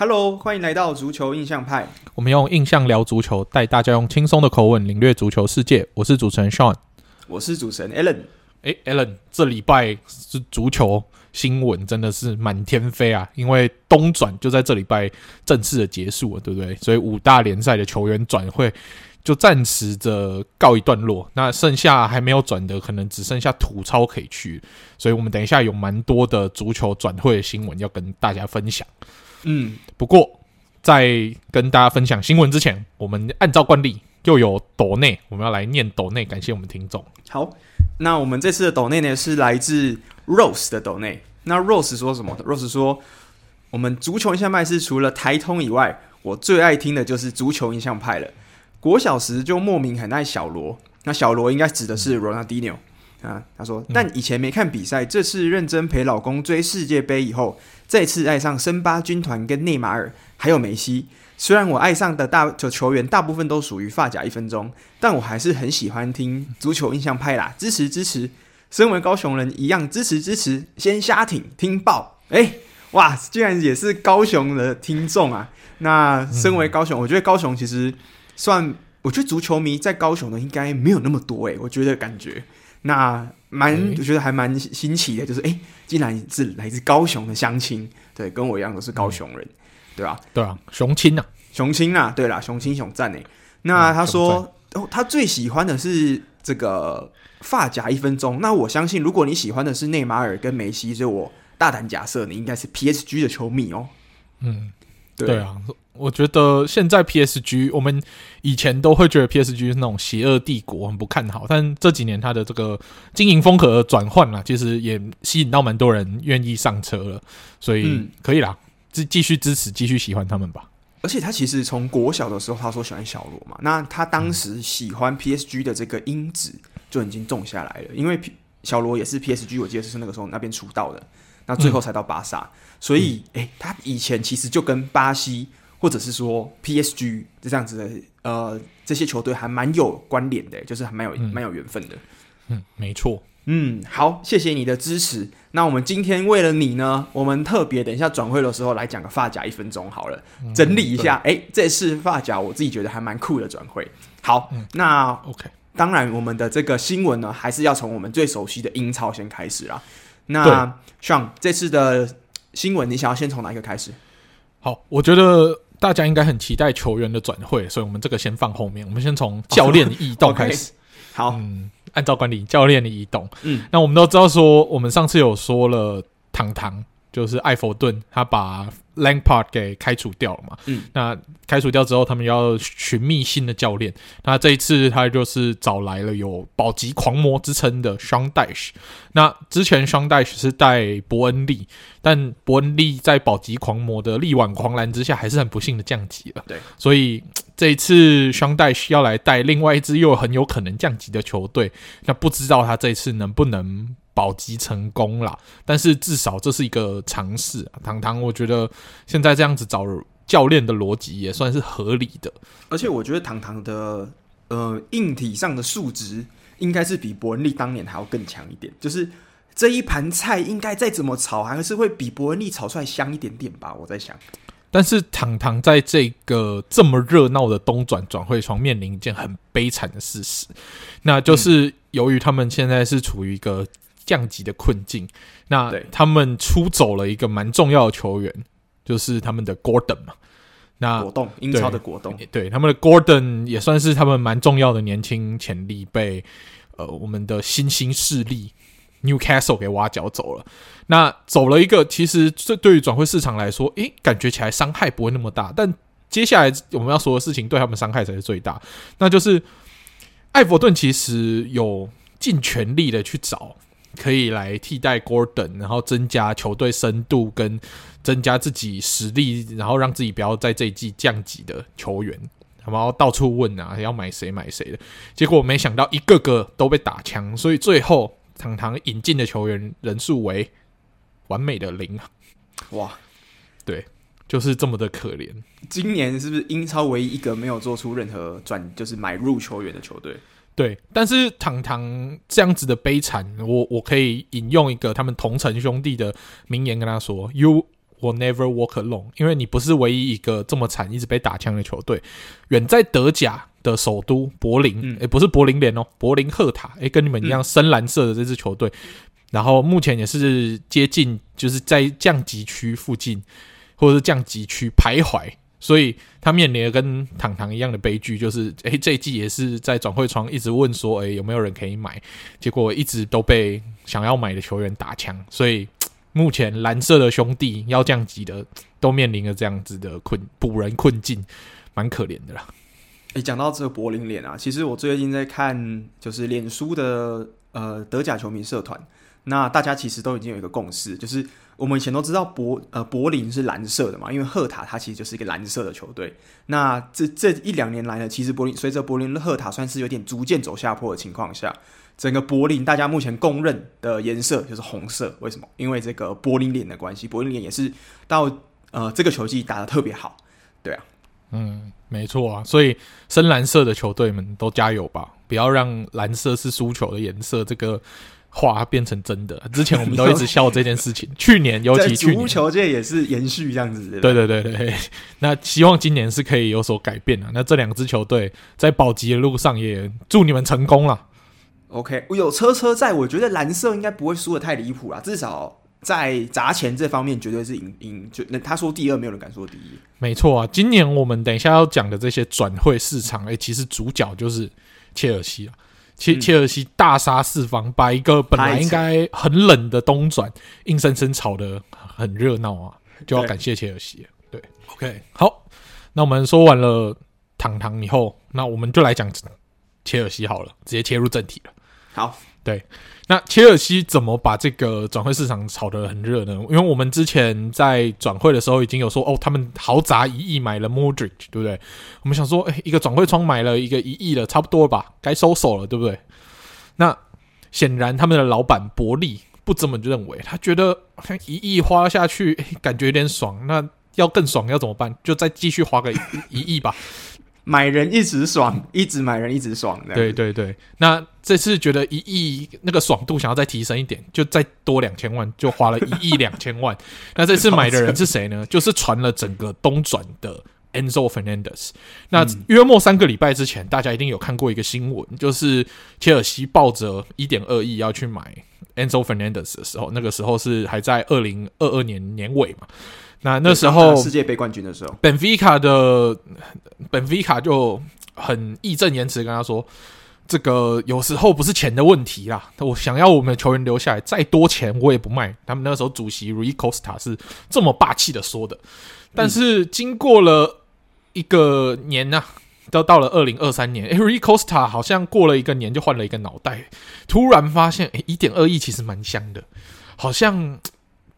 Hello，歡迎來到足球印象派。我們用印象聊足球，帶大家用輕鬆的口吻領略足球世界。我是主持人 Sean，我是主持人 Ellen。欸，Ellen 這禮拜是足球新聞真的是滿天飛啊！因為冬轉就在這禮拜正式的結束了，對不對？所以五大聯賽的球員轉會就暫時的告一段落。那剩下還沒有轉的，可能只剩下土超可以去。所以我們等一下有蠻多的足球轉會的新聞要跟大家分享。嗯，不過在跟大家分享新聞之前，我們按照慣例又有抖內，我們要來念抖內，感謝我們聽眾。好，那我們這次的抖內呢是來自 Rose 的抖內。那 Rose 說什麼？Rose 說，我們足球印象派是除了台通以外，我最愛聽的就是足球印象派了。國小時就莫名很愛小羅，那小羅應該指的是 Ronaldinho。啊，他說，嗯、但以前沒看比賽，這次認真陪老公追世界盃以後，再次愛上森巴軍團跟內馬爾，還有梅西。雖然我愛上的大就球員大部分都屬於髮夾一分鐘，但我還是很喜歡聽足球印象派啦，支持支持。身為高雄人一樣支持支持。先瞎挺聽爆，哎，哇，居然也是高雄的聽眾啊！那身為高雄，我覺得高雄其實算，我覺得足球迷在高雄的應該沒有那麼多誒、欸，我覺得感覺。那蠻、欸、我覺得還蠻新奇的，就是哎、欸，竟然是來自高雄的鄉親，對，跟我一樣都是高雄人，對吧、嗯？對啊，雄親啊，雄親啊，對啦，雄親雄贊呢，那他說、嗯哦，他最喜歡的是這個發夾一分鐘。那我相信，如果你喜歡的是內馬爾跟梅西，所以我大膽假設，你應該是 PSG 的球迷哦。嗯。對啊，對啊、我覺得現在 PSG 我們以前都會覺得 PSG 是那種邪惡帝國，很不看好。但這幾年他的這個經營風格轉換啦、啊，其實也吸引到蠻多人願意上車了，所以可以啦，繼繼續支持，繼續喜歡他們吧。而且他其實從國小的時候，他說喜歡小羅嘛，那他當時喜歡 PSG 的這個因子就已經種下來了，因為小羅也是 PSG，我記得是那個時候那邊出道的。那最後才到巴薩，嗯、所以，誒、嗯欸，他以前其實就跟巴西、嗯、或者是說 PSG 這樣子的，呃，這些球隊還蠻有關聯的、欸，就是還蠻有蠻、嗯、有緣分的。嗯，沒錯。嗯，好，謝謝你的支持。那我們今天為了你呢，我們特別等一下轉會的時候來講個法甲一分鐘好了，嗯、整理一下。哎對、欸，這次法甲我自己覺得還蠻酷的轉會。好，嗯、那 OK。當然，我們的這個新聞呢，還是要從我們最熟悉的英超先開始啦。那 Sean< 對>這次的新聞，你想要先從哪一個開始？好，我覺得大家應該很期待球員的轉會，所以我們這個先放後面，我們先從教練的移動開始。 Okay, 好，嗯，按照慣例，教練的移動。嗯，那我們都知道說，我們上次有說了堂堂，糖糖就是艾佛頓，他把，Lampard 給開除掉了嘛？嗯，那開除掉之後，他們要尋覓新的教練。那這一次他就是找來了有保級狂魔之稱的 Sean Dyche。那之前 Sean Dyche 是帶伯恩利，但伯恩利在保級狂魔的力挽狂瀾之下，還是很不幸的降級了。對，所以這一次 Sean Dyche 要來帶另外一支又很有可能降級的球隊，那不知道他這次能不能。保級成功了，但是至少這是一個嘗試、啊。堂堂，我覺得現在這樣子找教練的邏輯也算是合理的。而且我覺得堂堂的、嗯、呃硬體上的數值應該是比伯恩利當年還要更強一點。就是這一盤菜應該再怎麼炒，還是會比伯恩利炒出來香一點點吧？我在想。但是堂堂在這個這麼熱鬧的冬轉轉會窗面臨一件很悲慘的事實，那就是由於他們現在是處於一個。降級的困境。那對他們出走了一個蠻重要的球員，就是他們的 Gordon 嘛。那果凍英超的果凍，對他們的 Gordon 也算是他們蠻重要的年輕潛力被，被呃我們的新興勢力 Newcastle 給挖角走了。那走了一個，其實這對於轉會市場來說，誒、欸，感覺起來傷害不會那麼大。但接下來我們要說的事情，對他們傷害才是最大。那就是艾佛頓其實有盡全力的去找。可以來替代 Gordon，然後增加球隊深度跟增加自己實力，然後讓自己不要在這一季降級的球員，然後到處問啊，要買誰買誰的，結果沒想到一個個都被打槍，所以最後堂堂引進的球員人數為完美的零，哇，對，就是這麼的可憐。今年是不是英超唯一一個沒有做出任何轉，就是買入球員的球隊？對，但是堂堂這樣子的悲慘，我我可以引用一個他們同城兄弟的名言跟他說：“You will never walk alone”，因為你不是唯一一個這麼慘、一直被打槍的球隊。遠在德甲的首都柏林，哎、嗯欸，不是柏林聯哦、喔，柏林赫塔，誒、欸，跟你們一樣深藍色的這支球隊，嗯、然後目前也是接近，就是在降級區附近，或者是降級區徘徊。所以他面臨了跟唐唐一樣的悲劇，就是哎、欸，這一季也是在轉會窗一直問說，哎、欸，有沒有人可以買？結果一直都被想要買的球員打槍，所以目前藍色的兄弟要降級的都面臨了這樣子的困補人困境，蠻可憐的啦。哎、欸，講到這個柏林臉啊，其實我最近在看就是臉書的呃德甲球迷社團。那大家其實都已經有一個共識，就是我們以前都知道柏呃柏林是藍色的嘛，因為赫塔它其實就是一個藍色的球隊。那這這一兩年來呢，其實柏林隨着柏林赫塔算是有點逐漸走下坡的情況下，整個柏林大家目前公認的顏色就是紅色。為什麼？因為這個柏林聯的關係，柏林聯也是到呃這個球季打得特別好。對啊，嗯，沒錯啊。所以深藍色的球隊們都加油吧，不要讓藍色是輸球的顏色。這個。化變成真的，之前我們都一直笑這件事情。 去年尤其去年足球界也是延續這樣子。對對對,對、嗯、那希望今年是可以有所改變的、啊。那這兩支球隊在保級的路上，也祝你們成功了。OK，有車車在，我覺得藍色應該不會輸得太離譜了。至少在砸錢這方面，絕對是贏贏。就他說第二，沒有人敢說第一。沒錯啊，今年我們等一下要講的這些轉會市場，哎、欸，其實主角就是切爾西、啊切切爾西大殺四方，嗯、把一個本來應該很冷的冬轉，硬生生吵得很熱鬧啊！就要感謝切爾西，對，對，OK，好，那我們說完了糖糖以後，那我們就來講切爾西好了，直接切入正題了。好，對。那切爾西怎麼把這個轉會市場炒得很熱呢？因為我們之前在轉會的時候已經有說，哦，他們豪砸一億買了 Mudryk，對不對？我們想說，誒，一個轉會窗買了一個一億了，差不多了吧，該收手了，對不對？那顯然他們的老闆伯利不這麼認為，他覺得一億花下去感覺有點爽，那要更爽要怎麼辦？就再繼續花個一億吧。 買人一直爽，一直買人一直爽的。對對對，那這次覺得一億那個爽度想要再提升一點，就再多兩千萬，就花了一億兩千萬。 那這次買的人是誰呢？ 就是傳了整個冬轉的 Enzo Fernandez。那約莫三個禮拜之前，嗯、大家一定有看過一個新聞，就是切爾西抱着一點二億要去買 Enzo Fernandez 的時候，那個時候是還在二零二二年年尾嘛。那那時候世界杯冠軍的時候，本菲卡的本菲卡就很義正言辭跟他說：“這個有時候不是錢的問題啦，我想要我們的球員留下來，再多錢我也不賣。”他們那時候主席 Rico 斯塔是這麼霸氣的說的。但是經過了一個年吶、啊，都到了二零二三年，Rico 斯塔好像過了一個年就換了一個腦袋，突然發現一點二億其實蠻香的，好像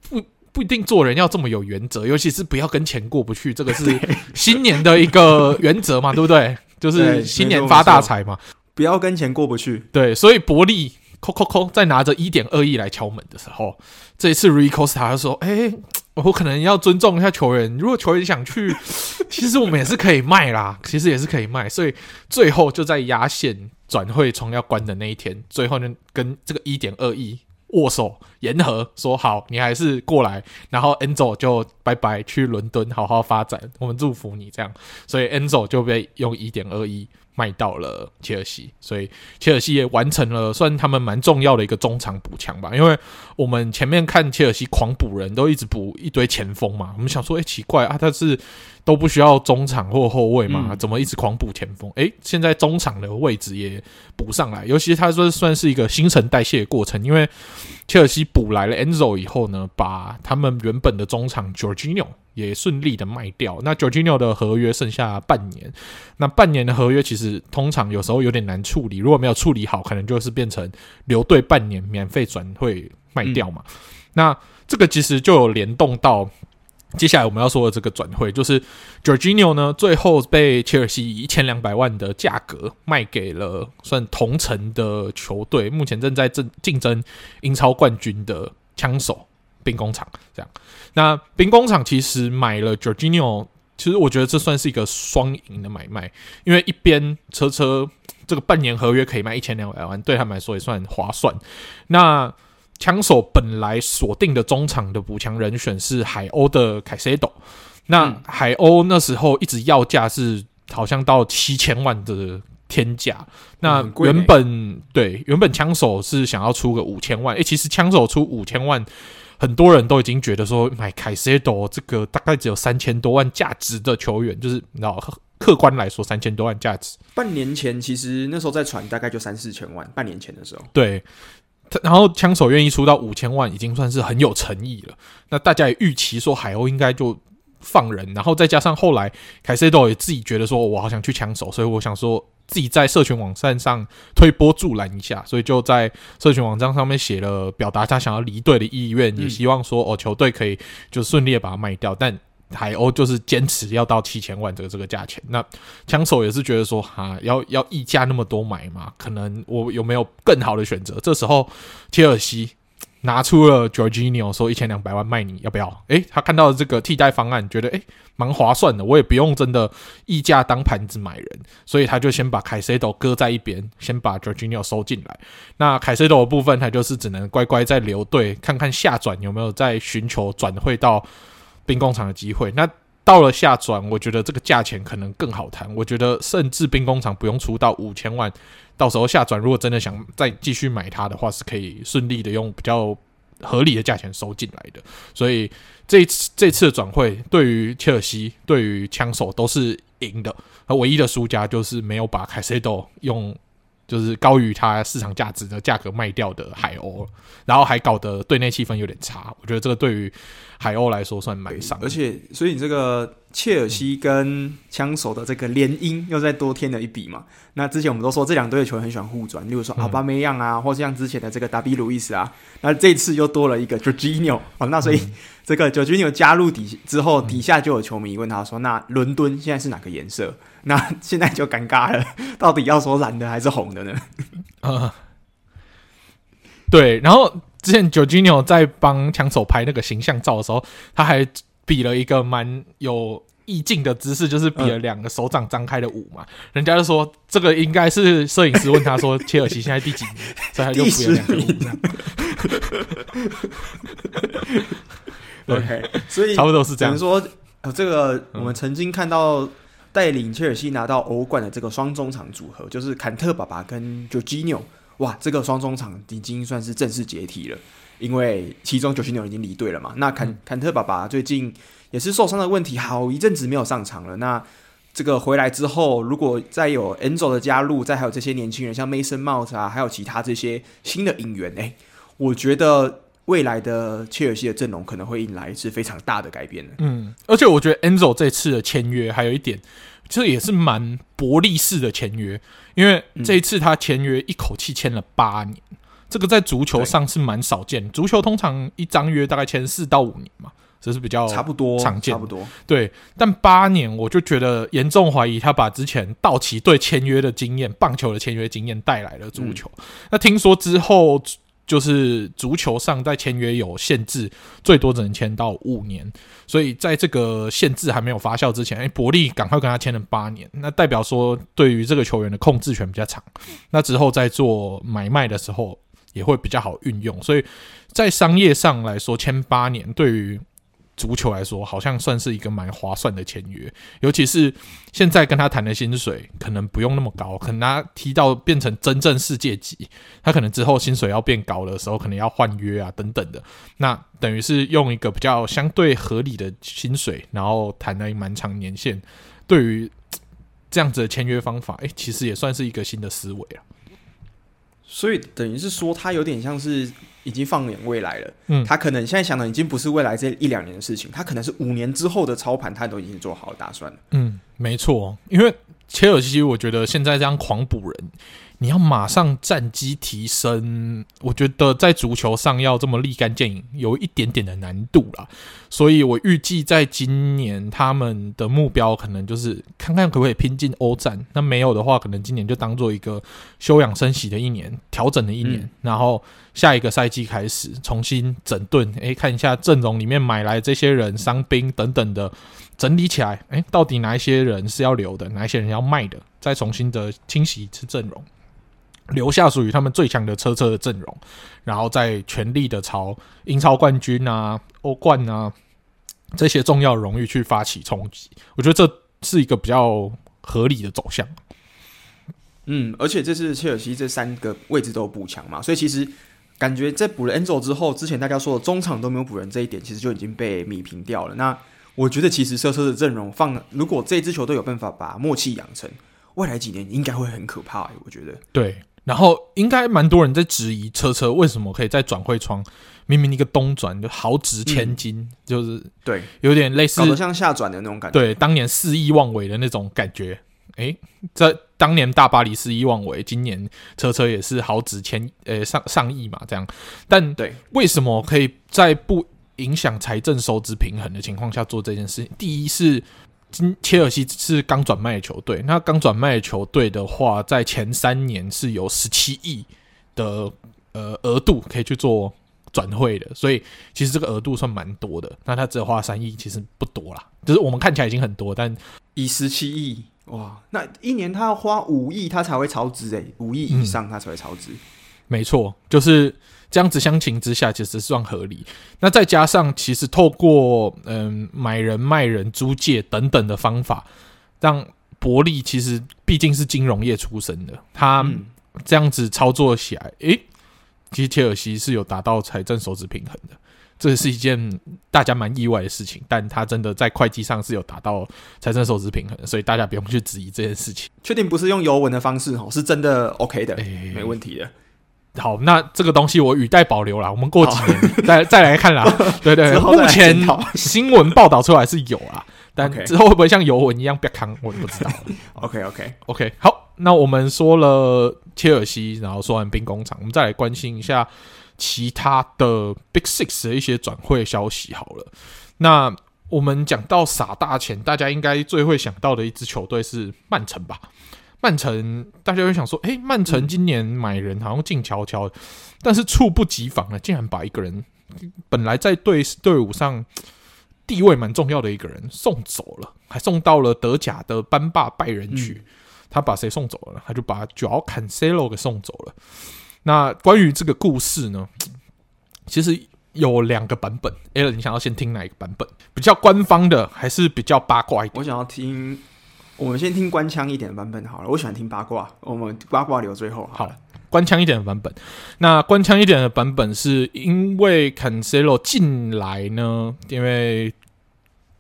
不。不一定做人要這麼有原則，尤其是不要跟錢過不去，這個是新年的一個原則嘛，對，對不對？就是新年發大財嘛，不要跟錢過不去。對，所以伯利摳摳摳在拿着一點二億來敲門的時候，這一次 Rico 斯塔他就說：“誒，我可能要尊重一下球員，如果球員想去，其實我們也是可以賣啦，其實也是可以賣。”所以最後就在壓線轉會窗要關的那一天，最後呢跟這個一點二億。握手言和，說好你還是過來，然後 Angel 就拜拜去倫敦好好發展，我們祝福你這樣，所以 Angel 就被用一點二一。賣到了切爾西，所以切爾西也完成了算他們蠻重要的一個中場補強吧。因為我們前面看切爾西狂補人，都一直補一堆前鋒嘛。我們想說，哎、欸，奇怪啊，他是都不需要中場或後衛嘛？怎麼一直狂補前鋒？誒、嗯欸，現在中場的位置也補上來，尤其他說算是一個新陳代謝的過程，因為切爾西補來了 Enzo 以後呢，把他們原本的中場 Georgino。也順利的賣掉，那 Jorginho 的合約剩下半年，那半年的合約其實通常有時候有點難處理，如果沒有處理好，可能就是變成留隊半年，免費轉會賣掉嘛。嗯、那這個其實就有聯動到接下來我們要說的這個轉會，就是 Jorginho 呢，最後被切爾西以一千兩百萬的價格賣給了算同城的球隊，目前正在爭競爭英超冠軍的槍手。兵工廠這樣，那兵工廠其實買了 Georginio，其實我覺得這算是一個雙贏的買賣，因為一邊車車這個半年合約可以賣一千兩百萬，對他們來說也算划算。那槍手本來鎖定的中場的補強人選是海鷗的 Casado，那、嗯、海鷗那時候一直要價是好像到七千萬的天價，那原本、嗯欸、對原本槍手是想要出個五千萬，欸、其實槍手出五千萬。很多人都已經覺得說買凱塞多這個大概只有三千多萬價值的球員，就是你知道，客觀來說三千多萬價值。半年前其實那時候在傳，大概就三四千萬。半年前的時候，對，然後槍手願意出到五千萬，已經算是很有誠意了。那大家也預期說海鷗應該就放人，然後再加上後來凱塞多也自己覺得說，哦，我好想去槍手，所以我想說。自己在社群網站上推波助瀾一下，所以就在社群網站上面寫了，表達他想要離隊的意願，嗯、也希望說哦，球隊可以就順利的把它賣掉，但海鷗就是堅持要到七千萬這個這個價錢。那槍手也是覺得說哈，要要溢價那麼多買嘛，可能我有沒有更好的選擇？這時候切爾西。拿出了 Georginio，說一千兩百萬賣你，要不要？哎，他看到了這個替代方案，覺得哎，蠻划算的。我也不用真的溢價當盤子買人，所以他就先把 Caiado 擱在一邊，先把 Georginio 收進來。那 Caiado 的部分，他就是只能乖乖在留隊，看看下轉有沒有在尋求轉會到兵工廠的機會。那到了下轉，我覺得這個價錢可能更好談。我覺得甚至兵工廠不用出到五千萬。到時候下轉，如果真的想再繼續買它的話，是可以順利的用比較合理的價錢收進來的。所以這一次這次的轉會對於切爾西、對於槍手都是贏的，而唯一的輸家就是沒有把凱塞多用就是高於它市場價值的價格賣掉的海鷗，然後還搞得隊內氣氛有點差。我覺得這個對於。海鷗來說算蠻少，而且所以你這個切爾西跟槍手的這個聯姻又再多添了一筆嘛。那之前我們都說這兩隊的球員很喜歡互轉，例如說阿巴梅揚啊，嗯、或像之前的這個達比魯伊斯啊，那這次又多了一個久基尼奧，那所以這個久基尼奧加入底之後，底下就有球迷問他說：“那倫敦現在是哪個顏色？”那現在就尷尬了，到底要說藍的還是紅的呢？啊、呃，對，然後。之前久基 o 在幫槍手拍那個形象照的時候，他還比了一個蠻有意境的姿勢，就是比了兩個手掌張開的五嘛。嗯、人家就說這個應該是攝影師問他說：“ 切爾西現在第幾名？”所以他就比兩個五。OK，所以差不多是這樣。我們說，呃，這個、嗯、我們曾經看到帶領切爾西拿到歐冠的這個雙中場組合，就是坎特爸爸跟久基紐。哇，這個雙中場已經算是正式解體了，因為其中九七牛已經離隊了嘛。那坎、嗯、坎特爸爸最近也是受傷的問題，好一陣子沒有上場了。那這個回來之後，如果再有 ENZO 的加入，再還有這些年輕人，像 Mason Mount 啊，還有其他這些新的引援，哎、欸，我覺得未來的切爾西的陣容可能會引來一次非常大的改變。嗯，而且我覺得 ENZO 這次的簽約還有一點。這也是蠻博弈式的簽約，因為這一次他簽約一口氣簽了八年，嗯、這個在足球上是蠻少見。對足球通常一張約大概簽四到五年嘛，這是比較差不多常見，差不多對。但八年，我就覺得嚴重懷疑他把之前道奇隊簽約的經驗、棒球的簽約經驗帶來了足球。嗯、那聽說之後。就是足球上在簽約有限制，最多只能簽到五年，所以在這個限制還沒有發酵之前，哎、欸，伯利趕快跟他簽了八年，那代表說，對於這個球員的控制權比較長，那之後在做買賣的時候也會比較好運用，所以在商業上來說，簽八年對於。足球來說，好像算是一個蠻划算的簽約，尤其是現在跟他談的薪水可能不用那麼高，可能他踢到變成真正世界級，他可能之後薪水要變高的時候，可能要換約啊等等的。那等於是用一個比較相對合理的薪水，然後談了蠻長年限，對於這樣子的簽約方法，誒、欸，其實也算是一個新的思維了。所以等於是說，他有點像是已經放眼未來了。嗯，他可能現在想的已經不是未來這一兩年的事情，他可能是五年之後的操盤，他都已經做好打算了。嗯，沒錯，因為。切爾西，西，我覺得現在這樣狂補人，你要馬上戰績提升，我覺得在足球上要這麼立竿見影，有一點點的難度了。所以我預計在今年他們的目標可能就是看看可不可以拼進歐戰。那沒有的話，可能今年就當做一個休養生息的一年，調整的一年，嗯、然後下一個賽季開始重新整頓。誒、欸，看一下陣容裡面買來這些人、傷兵等等的。整理起來、欸，到底哪一些人是要留的，哪一些人要賣的？再重新的清洗一次陣容，留下屬於他們最強的車車的陣容，然後再全力的朝英超冠軍啊、歐冠啊這些重要榮譽去發起衝擊。我覺得這是一個比較合理的走向。嗯，而且這次切爾西這三個位置都有補強嘛，所以其實感覺在補了恩佐之後，之前大家說的中場都沒有補人這一點，其實就已經被彌平掉了。那我覺得其實車車的陣容放，如果這支球隊有辦法把默契養成，未來幾年應該會很可怕、欸。我覺得對，然後應該蠻多人在質疑車車為什麼可以在轉會窗，明明一個冬轉就豪擲千金，嗯、就是對，有點類似好像夏轉的那種感覺。對，當年肆意妄為的那種感覺。哎，在當年大巴黎肆意妄為，今年車車也是豪擲千，呃上上億嘛這樣。但對，為什麼可以在不影響財政收支平衡的情況下做這件事情。第一是，今切爾西是剛轉賣的球隊。那剛轉賣的球隊的話，在前三年是有十七億的呃額度可以去做轉會的。所以其實這個額度算蠻多的。那他只花三億，其實不多啦。就是我們看起來已經很多但，但以十七億哇，那一年他要花五億，他才會超支誒、欸，五億以上他才會超支。嗯、沒錯，就是。這樣子相形之下，其實算合理。那再加上，其實透過嗯買人賣人、租借等等的方法，讓伯利其實畢竟是金融業出身的，他這樣子操作起來，誒其實切爾西是有達到財政收支平衡的。這是一件大家蠻意外的事情，但他真的在會計上是有達到財政收支平衡，所以大家不用去質疑這件事情。確定不是用尤文的方式哦，是真的 OK 的，欸欸欸沒問題的。好，那這個東西我語帶保留啦。我們過幾年再好 再來看啦。 對，對對，目前新聞報道出來是有啊，但之後會不會像尤文一樣不康， 我不知道。OK OK OK，好，那我們說了切爾西，然後說完兵工廠，我們再來關心一下其他的 Big Six 的一些轉會消息。好了，那我們講到撒大錢，大家應該最會想到的一支球隊是曼城吧？曼城，大家就想說，誒、欸，曼城今年買人好像靜悄悄、嗯、但是猝不及防啊，竟然把一個人本來在隊隊伍上地位蠻重要的一個人送走了，還送到了德甲的班霸拜仁去。嗯、他把誰送走了呢？他就把 Joao Cancelo 給送走了。那關於這個故事呢，其實有兩個版本。哎、欸，艾倫，你想要先聽哪一個版本？比較官方的，還是比較八卦一點？我想要聽。我們先聽官腔一點的版本好了。我喜歡聽八卦，我們八卦留最後好了。好，官腔一點的版本，那官腔一點的版本是因為 Cancelo 近來呢，因為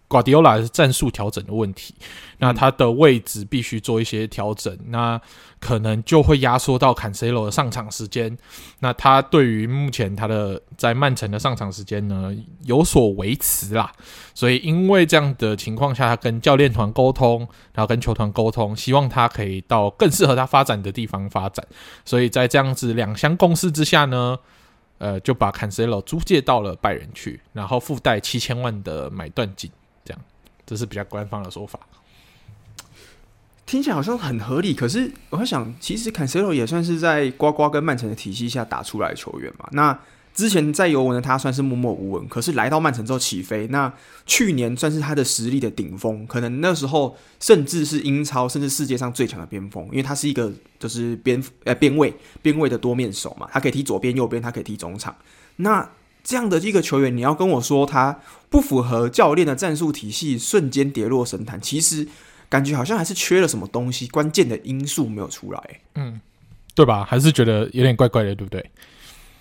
Guardiola 是戰術調整的問題，那他的位置必須做一些調整。嗯、那可能就會壓縮到坎塞羅的上場時間，那他對於目前他的在曼城的上場時間呢有所維持啦，所以因為這樣的情況下，他跟教練團溝通，然後跟球團溝通，希望他可以到更適合他發展的地方發展，所以在這樣子兩相共識之下呢，呃，就把坎塞羅租借到了拜仁去，然後附帶七千萬的買斷金，這樣。這是比較官方的說法。聽起來好像很合理，可是我想，其實坎塞羅也算是在瓜瓜跟曼城的體系下打出來的球員嘛。那之前在尤文呢，他算是默默無聞，可是來到曼城之後起飛。那去年算是他的實力的頂峰，可能那時候甚至是英超，甚至世界上最強的邊鋒，因為他是一個就是邊呃邊衛邊衛的多面手嘛，他可以踢左邊右邊，他可以踢中場。那這樣的一個球員，你要跟我說他不符合教練的戰術體系，瞬間跌落神壇，其實。感覺好像還是缺了什麼東西，關鍵的因素沒有出來，嗯，對吧？還是覺得有點怪怪的，對不對？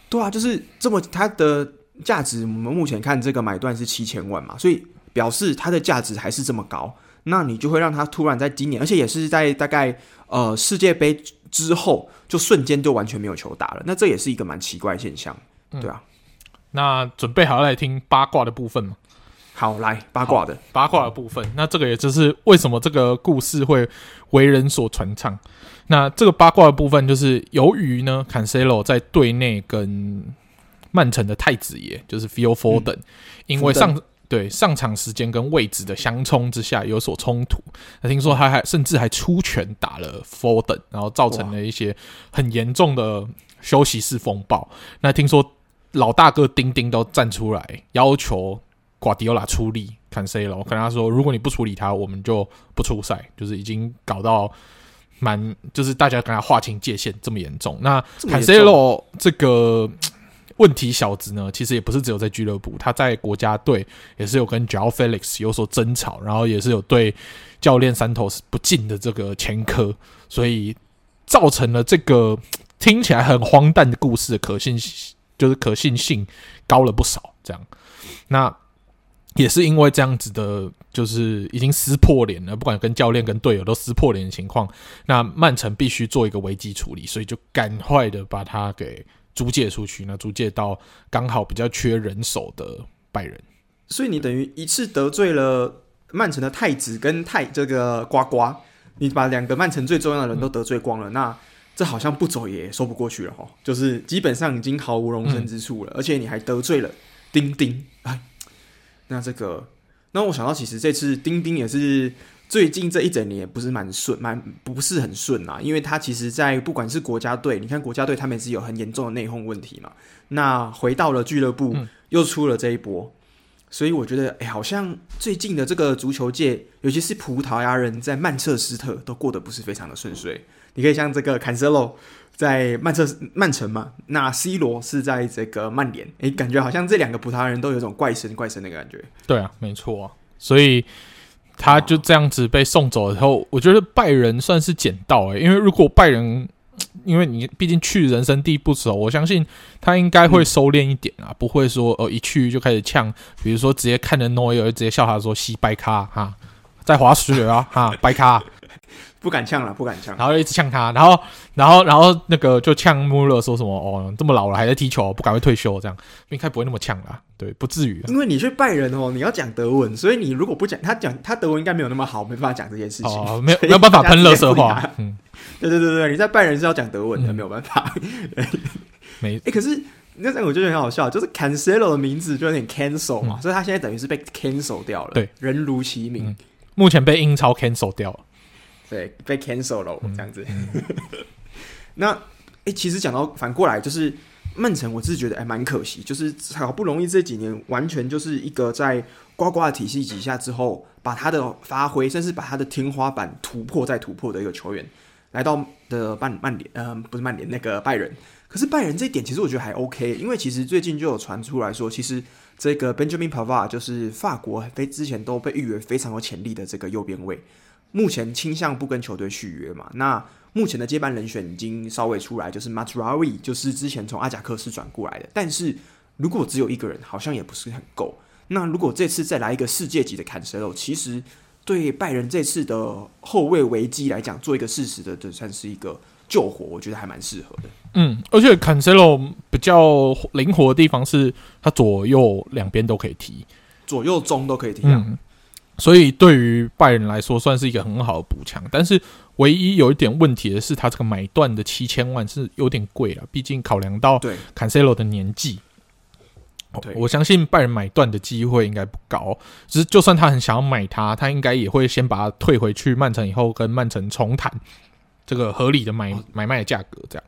對啊，就是這麼，它的價值我們目前看這個買斷是七千萬嘛，所以表示它的價值還是這麼高。那你就會讓它突然在今年，而且也是在大概呃世界杯之後，就瞬間就完全沒有球打了。那這也是一個蠻奇怪的現象，嗯、對啊。那準備好要來聽八卦的部分嗎？好，來八卦的八卦的部分，好那這個也就是為什麼這個故事會為人所傳唱。那這個八卦的部分就是由，由於呢，Cancelo 在隊內跟曼城的太子爺，就是 Phil Foden，、嗯、因為上 Foden 對上場時間跟位置的相衝之下有所衝突。那聽說他還甚至還出拳打了 Foden，然後造成了一些很嚴重的休息室風暴。哇那聽說老大哥丁丁都站出來要求。瓜迪奧拉處理，坎塞洛，我跟他說，如果你不處理他，我們就不出賽。就是已經搞到蠻，就是大家跟他劃清界限這麼嚴重。那坎塞洛這個問題小子呢，其實也不是只有在俱樂部，他在國家隊也是有跟 Joao Felix 有所爭吵，然後也是有對教練 Santos 不敬的這個前科，所以造成了這個聽起來很荒誕的故事，的可信就是可信性高了不少。這樣，那。也是因為這樣子的，就是已經撕破臉了，不管跟教練、跟隊友都撕破臉的情況，那曼城必須做一個危機處理，所以就趕快的把他給租借出去，那租借到剛好比較缺人手的拜仁。所以你等於一次得罪了曼城的太子跟太這個瓜瓜，你把兩個曼城最重要的人都得罪光了，嗯、那這好像不走也說不過去了哈，就是基本上已經毫無容身之處了，嗯、而且你還得罪了丁丁。那這個，那我想到，其實這次丁丁也是最近這一整年不是蠻順，蠻不是很順啊。因為他其實，在不管是國家隊，你看國家隊他們也是有很嚴重的內訌問題嘛。那回到了俱樂部又出了這一波，嗯、所以我覺得，哎、欸，好像最近的這個足球界，尤其是葡萄牙人在曼徹斯特都過得不是非常的順遂。嗯你可以像這個坎塞洛在曼徹曼城嘛？那 C 羅是在這個曼聯，哎、欸，感覺好像這兩個葡萄牙人都有種怪神怪神的感覺。對啊，沒錯啊，所以他就這樣子被送走了之後，啊、我覺得拜仁算是撿到哎、欸，因為如果拜仁，因為你畢竟去人生地不熟，我相信他應該會收斂一點啊，嗯、不會說哦、呃、一去就開始嗆，比如說直接看着諾伊爾直接笑他說西拜卡哈，在華雪啊 哈拜卡。不敢嗆了，不敢嗆。然後一直嗆他，然後，然後，然後那個就嗆穆勒，說什麼哦，這麼老了還在踢球，不趕快退休這樣，應該不會那麼嗆啦，對，不至於。因為你去拜仁哦，你要講德文，所以你如果不講，他講他德文應該沒有那麼好，沒辦法講這件事情。哦，以沒有，沒有辦法噴垃圾話。嗯、對對對對，你在拜仁是要講德文的，嗯、沒有辦法。 欸、沒可是那時候我覺得很好笑，就是 Cancelo 的名字就有點 Cancel，、嗯、所以他現在等於是被 Cancel 掉了。對，人如其名、嗯，目前被英超 Cancel 掉了。對，被 cancel 了這樣子。 那，誒、欸，其實講到反過來，就是曼城，我自己覺得還蠻、欸、可惜，就是好不容易這幾年完全就是一個在瓜瓜的體系底下之後，把他的發揮，甚至把他的天花板突破再突破的一個球員，來到的曼曼聯，嗯、呃，不是曼聯那個拜仁。可是拜仁這一點，其實我覺得還 OK，因為其實最近就有傳出來說，其實這個 Benjamin Pavard 就是法國非之前都被譽為非常有潛力的這個右邊衛，目前傾向不跟球隊續約嘛？那目前的接班人選已經稍微出來，就是 Mazraoui，就是之前從阿賈克斯轉過來的。但是如果只有一個人，好像也不是很夠。那如果這次再來一個世界級的 Cancelo，其實對拜仁這次的後衛危機來講，做一個事實的，就算是一個救火，我覺得還蠻適合的。嗯，而且 Cancelo 比較靈活的地方是，他左右兩邊都可以踢，左右中都可以踢啊。嗯所以對於拜仁來說，算是一個很好的補強。但是唯一有一點問題的是，他這個買斷的七千萬是有點貴了。畢竟考量到對坎塞洛的年紀，我相信拜仁買斷的機會應該不高。只是就算他很想要買它，他應該也會先把它退回去曼城，以後跟曼城重談這個合理的買、哦、買賣的價格。這樣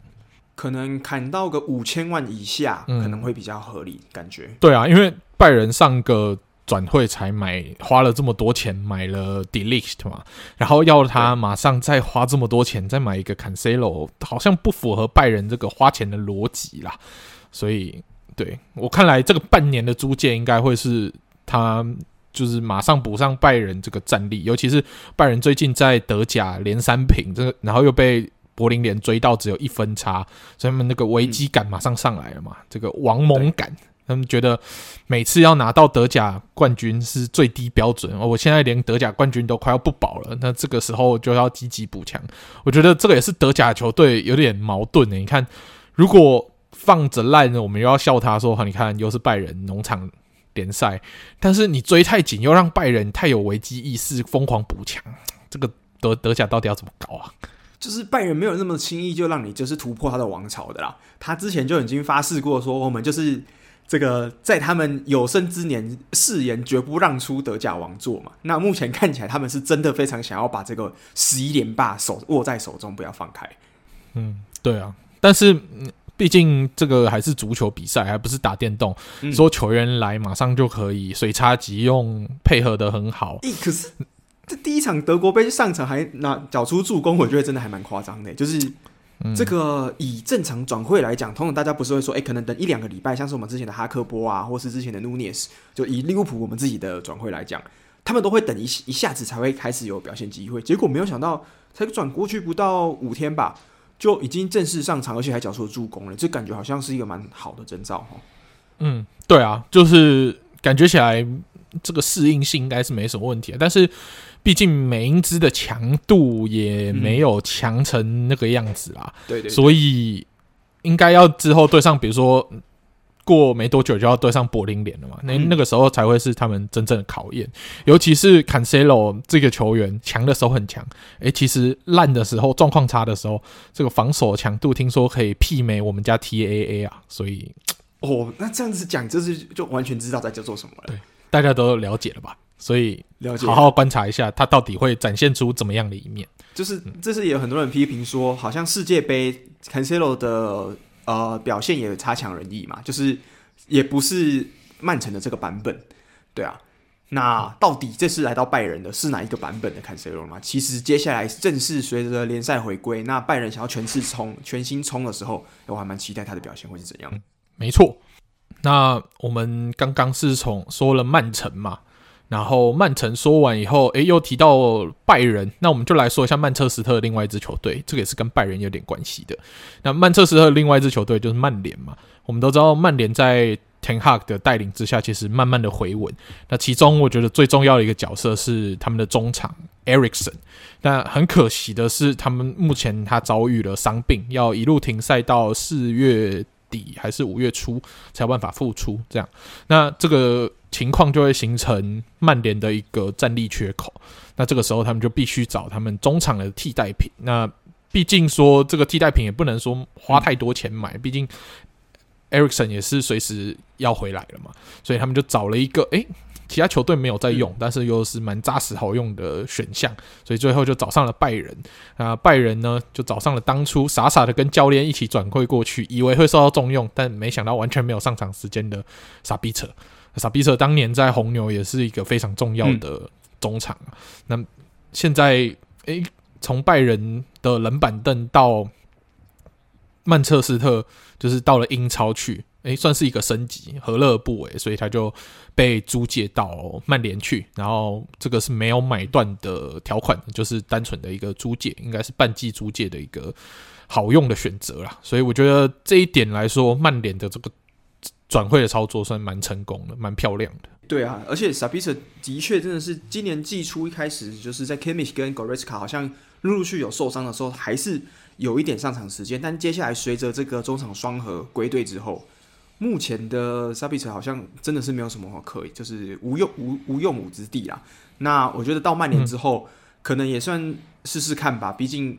可能砍到個五千萬以下，嗯、可能會比較合理的感覺對啊，因為拜仁上個。轉會才買花了這麼多錢買了 De Ligt 嘛，然後要他馬上再花這麼多錢再買一個 Cancelo，好像不符合拜仁這個花錢的邏輯啦。所以對我看來，這個半年的租借應該會是他就是馬上補上拜仁這個戰力，尤其是拜仁最近在德甲連三平，這個然後又被柏林聯追到只有一分差，所以他們那個危機感馬上上來了嘛，嗯、這個王蒙感。他們覺得每次要拿到德甲冠軍是最低標準。我現在連德甲冠軍都快要不保了，那這個時候就要積極補強。我覺得這個也是德甲球隊有點矛盾的、欸。你看，如果放着爛呢？我們又要笑他說：“你看又是拜仁農場聯賽。”但是你追太緊，又讓拜仁太有危機意識，瘋狂補強。這個德德甲到底要怎麼搞啊？就是拜仁沒有那麼輕易就讓你就是突破他的王朝的啦。他之前就已經發誓過說：“我們就是。”這個在他們有生之年誓言絕不讓出德甲王座嘛？那目前看起來，他們是真的非常想要把這個十一連霸手握在手中，不要放開。嗯，對啊。但是畢竟這個還是足球比賽，還不是打電動，嗯、說球員來馬上就可以隨插即用，配合得很好。可是這第一場德國杯上場還拿繳出助攻，我覺得真的還蠻誇張的，就是。嗯、這個以正常轉會來講，通常大家不是會說，哎，可能等一兩個禮拜，像是我們之前的哈克波啊，或是之前的努涅斯，就以利物浦我們自己的轉會來講，他們都會等一一下子才會開始有表現機會。結果沒有想到，才轉過去不到五天吧，就已經正式上場，而且還繳出助攻了，這感覺好像是一個蠻好的徵兆。嗯，對啊，就是感覺起來這個適應性應該是沒什麼問題，但是。畢竟梅因茲的強度也沒有強成那個樣子啦，對對，所以應該要之後對上，比如說過沒多久就要對上柏林聯了嘛，那、嗯欸、那個時候才會是他們真正的考驗。尤其是 Cancelo 這個球員強的時候很強，哎，其實爛的時候狀況差的時候，這個防守強度聽說可以媲美我們家 TAA 啊，所以哦，那這樣子講，就是就完全知道在這做什麼了，對，大家都了解了吧？所以，好好觀察一下他到底會展現出怎麼樣的一面。就是，這是也有很多人批評說，好像世界杯坎塞洛的呃表現也差強人意嘛，就是也不是曼城的這個版本，對啊。那到底這次來到拜仁的是哪一個版本的坎塞洛嘛？其實接下來正是隨着聯賽回歸，那拜仁想要全勢衝、全新衝的時候，我還蠻期待他的表現會是怎樣、嗯。沒錯，那我們剛剛是從說了曼城嘛。然後曼城說完以後，誒，又提到拜仁，那我們就來說一下曼徹斯特的另外一支球隊，這個也是跟拜仁有點關係的。那曼徹斯特的另外一支球隊就是曼聯嘛，我們都知道曼聯在滕哈格的帶領之下，其實慢慢的回穩。那其中我覺得最重要的一個角色是他們的中場 Eriksen。但很可惜的是，他們目前他遭遇了傷病，要一路停賽到四月。底還是五月初才有辦法復出，這樣，那這個情況就會形成曼聯的一個戰力缺口。那這個時候他們就必須找他們中場的替代品。那畢竟說這個替代品也不能說花太多錢買，嗯、畢竟 Eriksson 也是隨時要回來了嘛，所以他們就找了一個哎。欸其他球隊沒有在用，嗯、但是又是蠻扎實好用的選項，所以最後就找上了拜仁。啊，拜仁呢就找上了當初傻傻的跟教練一起轉會過去，以為會受到重用，但沒想到完全沒有上場時間的薩比策。薩比策當年在紅牛也是一個非常重要的中場，嗯、那現在誒，從、欸、拜仁的冷板凳到曼徹斯特，就是到了英超去。哎、欸，算是一個升級，何樂不為？所以他就被租借到曼、哦、聯去，然後這個是沒有買斷的條款，就是單純的一個租借，應該是半季租借的一個好用的選擇啦，所以我覺得這一點來說，曼聯的這個轉會的操作算蠻成功的，蠻漂亮的。對啊，而且 Sabitzer 的確真的是今年季初一開始，就是在 Kimmich 跟 Goretzka 好像陸續有受傷的時候，還是有一點上場時間，但接下來隨着這個中場雙核歸隊之後。目前的薩比策好像真的是沒有什麼可以，就是無用無無用武之地啦。那我覺得到曼聯之後，嗯、可能也算試試看吧。畢竟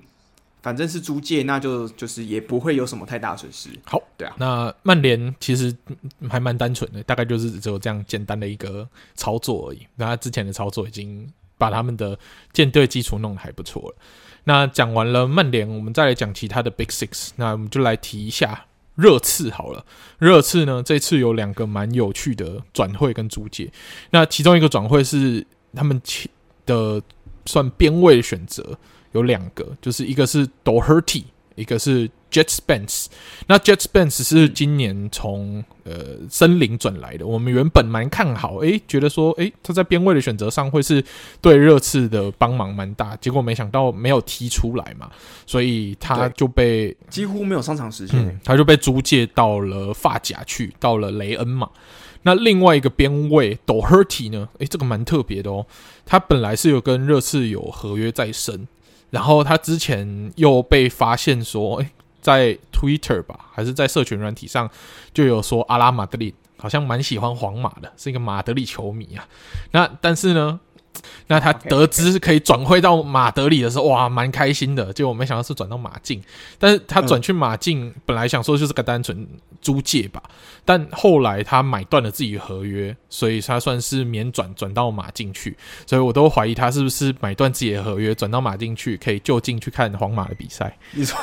反正是租借，那就就是也不會有什麼太大損失。好，對啊。那曼聯其實還蠻單純的，大概就是只有這樣簡單的一個操作而已。那他之前的操作已經把他們的建隊基礎弄得還不錯了。那講完了曼聯，我們再來講其他的 Big Six。那我們就來提一下。熱刺好了，熱刺呢？這次有兩個蠻有趣的轉會跟租借。那其中一個轉會是他們其的算邊位選擇有兩個，就是一個是 Doherty。一個是 Jet Spence，那 Jet Spence 是今年從呃森林轉來的，我們原本蠻看好，誒、欸，覺得說，誒、欸，他在邊位的選擇上會是對熱刺的幫忙蠻大，結果沒想到沒有踢出來嘛，所以他就被幾乎沒有上場時間、欸嗯，他就被租借到了法甲去，到了雷恩嘛。那另外一個邊位 Doherty 呢？誒、欸，這個蠻特別的哦，他本來是有跟熱刺有合約在身。然後他之前又被發現說，誒，在 Twitter 吧，還是在社群軟體上，就有說阿拉馬德里好像蠻喜歡皇馬的，是一個馬德里球迷啊。那但是呢？那他得知是可以轉會到馬德里的時候，okay, okay. 哇，蠻開心的。結果沒想到是轉到馬競，但是他轉去馬競，嗯，本來想說就是個單純租借吧，但後來他買斷了自己合約，所以他算是免轉轉到馬競去。所以我都懷疑他是不是買斷自己的合約，轉到馬競去，可以就近去看皇馬的比賽。你說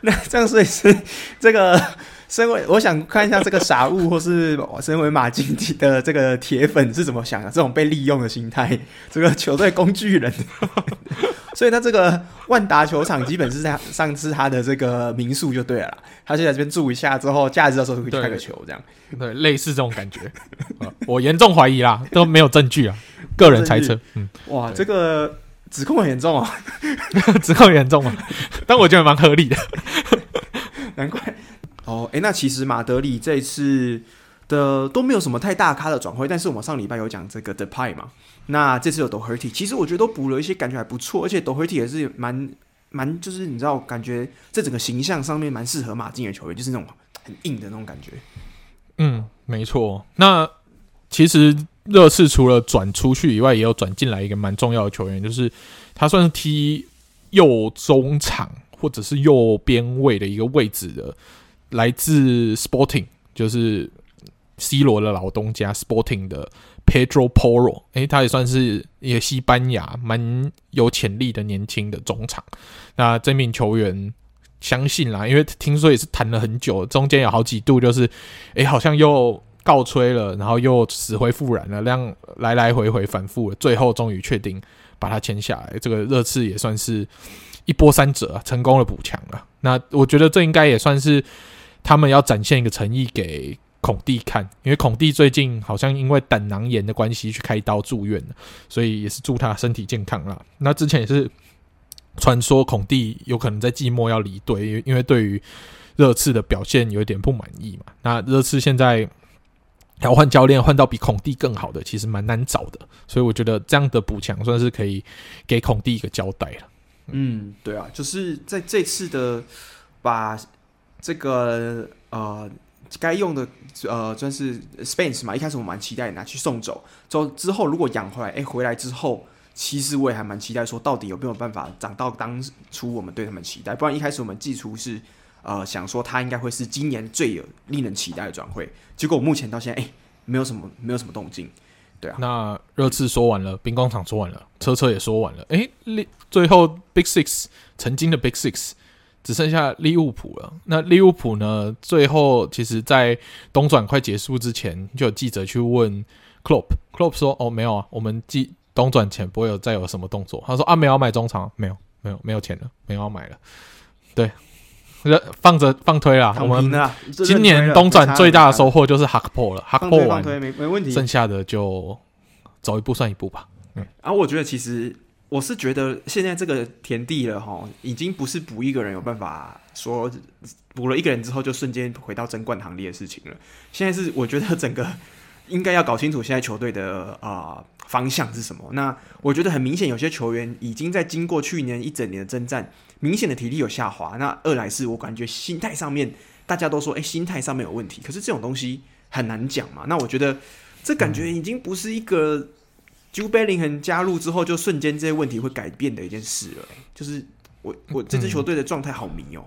那這樣所以是這個？ 身為我想看一下這個傻物，或是身為馬競的這個鐵粉是怎麼想的？這種被利用的心態，這個球隊工具人。 所以他這個萬達球場基本是在上次他的這個民宿就對了，他就在這邊住一下，之後假日的時候就可以開個球，這樣對。對，類似這種感覺。 我嚴重懷疑啦，都沒有證據啊，個人才猜測。義嗯、哇，對這個指控很嚴重啊， 指控嚴重啊，但我覺得蠻合理的。 難怪。哦，哎、欸，那其實馬德里這一次的都沒有什麼太大咖的轉會，但是我們上禮拜有講這個 Depay 嘛？那這次有 Doherty 其實我覺得都補了一些，感覺還不錯，而且 Doherty 也是蠻蠻，就是你知道，感覺這整個形象上面蠻適合馬競的球員，就是那種很硬的那種感覺。嗯，沒錯。那其實熱刺除了轉出去以外，也有轉進來一個蠻重要的球員，就是他算是踢右中場或者是右邊衛的一個位置的。來自 Sporting，就是 C 羅的老東家 Sporting 的 Pedro Poro，哎、欸，他也算是一個西班牙蠻有潛力的年輕的中場。那這名球員，相信啦，因為聽說也是談了很久，中間有好幾度就是，哎、欸，好像又告吹了，然後又死灰復燃了，這樣來來回回反覆了，最後終於確定把他簽下來。這個熱刺也算是一波三折，成功的補強了。那我覺得這應該也算是他們要展現一個誠意給孔蒂看，因為孔蒂最近好像因為膽囊炎的關係去開刀住院了，所以也是祝他身體健康啦。那之前也是傳說孔蒂有可能在季末要離隊，因為對於熱刺的表現有一點不滿意嘛。那熱刺現在要換教練，換到比孔蒂更好的，其實蠻難找的。所以我覺得這樣的補強算是可以給孔蒂一個交代了。嗯，對啊，就是在這次的把。這個呃，該用的呃，算是 Spence 嘛。一開始我蠻期待拿去送走，走之後如果養回來，哎，回來之後其實我也還蠻期待，說到底有沒有辦法長到當初我們對他們期待？不然一開始我們寄出是呃，想說他應該會是今年最有令人期待的轉會。結果我目前到現在哎，沒有什麼沒有什麼動靜，對啊。那熱刺說完了，兵工廠說完了，車車也說完了，哎，最最後 Big Six 曾經的 Big Six。只剩下利物浦了。那利物浦呢？最後其實，在冬轉快結束之前，就有記者去問 Klopp。Klopp 說：“哦，沒有啊，我們季冬轉前不會有再有什麼動作。”他說：“啊，沒有買中場，沒有，沒有，沒有錢了，沒有要買了。”對，放着放推啦放了。我們今年冬轉最大的收穫就是 Gakpo 了，Gakpo 完了，放推放推，剩下的就走一步算一步吧。嗯，啊，我覺得其實。我是覺得現在這個田地了哈，已經不是補一個人有辦法說補了一個人之後就瞬間回到爭冠行列的事情了。現在是我覺得整個應該要搞清楚現在球隊的啊、呃、方向是什麼。那我覺得很明顯，有些球員已經在經過去年一整年的征戰，明顯的體力有下滑。那二來是我感覺心態上面大家都說誒、欸，心態上面有問題，可是這種東西很難講嘛。那我覺得這感覺已經不是一個。就貝林肯加入之後，就瞬間這些問題會改變的一件事了、欸。就是我我這支球隊的狀態好迷哦、喔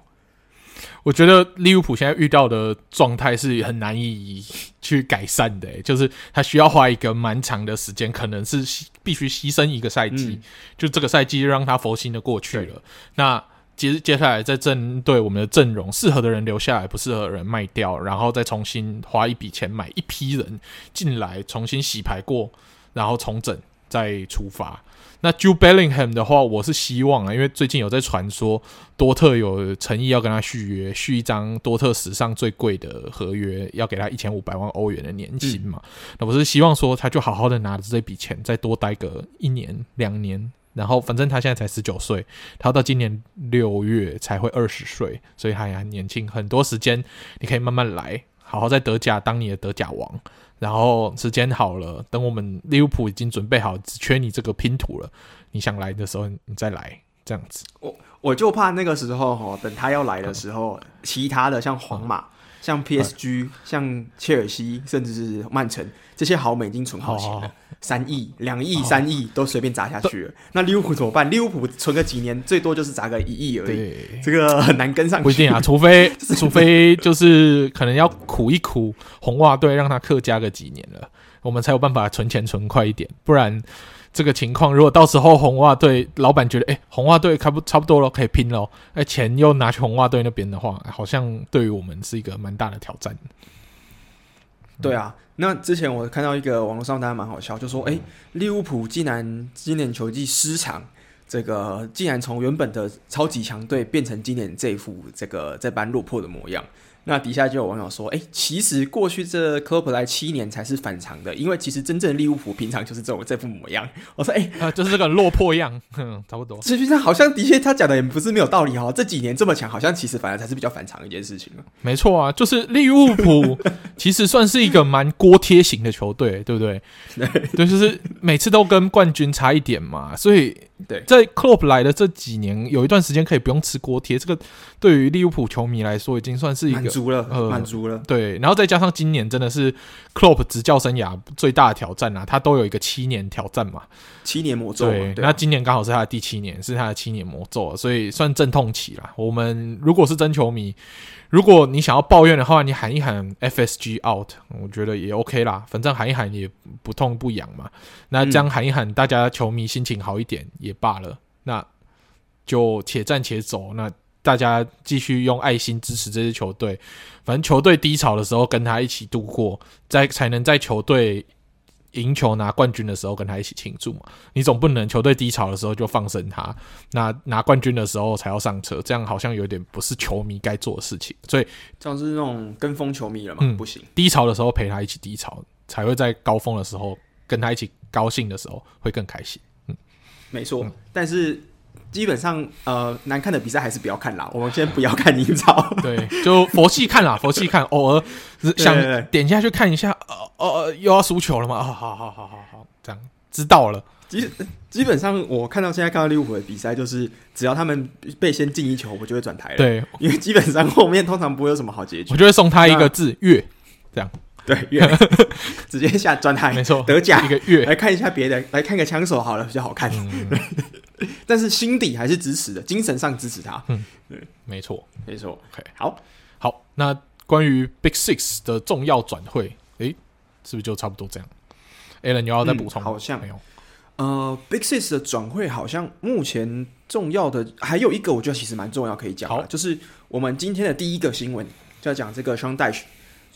嗯。我覺得利物浦現在遇到的狀態是很難以去改善的、欸，就是他需要花一個蠻長的時間，可能是必須犧牲一個賽季，嗯、就這個賽季讓他佛心的過去了。對那接接下來再針對我們的陣容，適合的人留下來，不適合的人賣掉，然後再重新花一筆錢買一批人進來，重新洗牌過。然後重整再出發。那 Jude Bellingham 的話，我是希望啊，因為最近有在傳說多特有誠意要跟他續約，續一張多特史上最貴的合約，要給他一千五百萬歐元的年薪嘛。嗯、那我是希望說，他就好好的拿着這筆錢，再多待個一年、兩年，然後反正他現在才十九歲，他到今年六月才會二十歲，所以他也很年輕，很多時間你可以慢慢來，好好在德甲當你的德甲王。然後時間好了，等我們利物浦已經準備好，只缺你這個拼圖了，你想來的時候，你再來，這樣子。我我就怕那個時候哈、哦，等他要來的時候，嗯、其他的像皇馬。嗯像 P S G、嗯、 像切爾西，甚至是曼城，這些豪門已經存好錢了，三億、哦哦、兩億、三億、哦、都隨便砸下去了。哦、那利物浦怎麼辦？利物浦存個幾年，最多就是砸個一億而已，對這個很難跟上去。不一定啊，除非、 就是、除非就是可能要苦一苦紅襪隊，讓他克家個幾年了，我們才有辦法存錢存快一點，不然。這個情況，如果到時候紅襪隊老板覺得，哎，紅襪隊差不差不多了，可以拼了，哎，錢又拿去紅襪隊那邊的話，好像對於我們是一個蠻大的挑戰。對啊，那之前我看到一個網絡上，大家蠻好笑，就說，哎，利物浦竟然今年球技失常，這個竟然從原本的超級強隊變成今年這副這個這般落魄的模樣。那底下就有網友說：“哎、欸，其實過去這 Klopp 來七年才是反常的，因為其實真正利物浦平常就是這種這副模樣。”我說：“哎、欸呃，就是這個落魄樣， 差不多。其實際上，好像的確他講的也不是沒有道理哈、哦。這幾年這麼強，好像其實反而才是比較反常的一件事情了。沒錯啊，就是利物浦其實算是一個蠻鍋貼型的球隊，對不對？ 對，就是每次都跟冠軍差一點嘛，所以。”對，在克 l o p 來的這幾年，有一段時間可以不用吃鍋貼，這個對於利物浦球迷來說已經算是一個滿足了，呃，滿足了。對，然後再加上今年真的是克 l o p 教生涯最大的挑戰吶、啊，他都有一個七年挑戰嘛，七年魔咒。對，對那今年剛好是他的第七年，是他的七年魔咒，所以算陣痛期啦。我們如果是真球迷。如果你想要抱怨的話，你喊一喊 FSG out，我覺得也 OK 啦，反正喊一喊也不痛不癢嘛。那這樣喊一喊，大家球迷心情好一點也罷了。嗯、那就且戰且走，那大家繼續用愛心支持這支球隊，反正球隊低潮的時候跟他一起度過，在才能在球隊。贏球拿冠軍的時候跟他一起慶祝嘛？你總不能球隊低潮的時候就放生他，那拿冠軍的時候才要上車，這樣好像有點不是球迷該做的事情。所以這樣是那種跟風球迷了嘛？嗯、不行，低潮的時候陪他一起低潮，才會在高峰的時候跟他一起高興的時候會更開心嗯。嗯，沒錯，但是。基本上，呃，難看的比賽還是不要看了。我們先不要看英超，對，就佛系看了，佛系看，偶爾想點下去看一下。哦哦，又要輸球了嘛。哦，好，好，好，好，好，這樣知道了。基基本上，我看到現在看到利物浦的比賽，就是只要他們被先進一球，我就會轉台。對，因為基本上後面通常不會有什麼好結局，我就會送他一個字“月”。這樣，對，月直接下轉台，沒錯，德甲一個月來看一下別的，來看個槍手好了，比較好看。但是心底還是支持的，精神上支持他。嗯，對沒錯，沒錯。OK，好，好。那關於 Big Six 的重要轉會，誒，是不是就差不多這樣？Alan，你要再補充？嗯、好像沒有。呃，Big Six 的轉會好像目前重要的還有一個，我覺得其實蠻重要可以講的，好就是我們今天的第一個新聞就要講這個 Sean Dyche。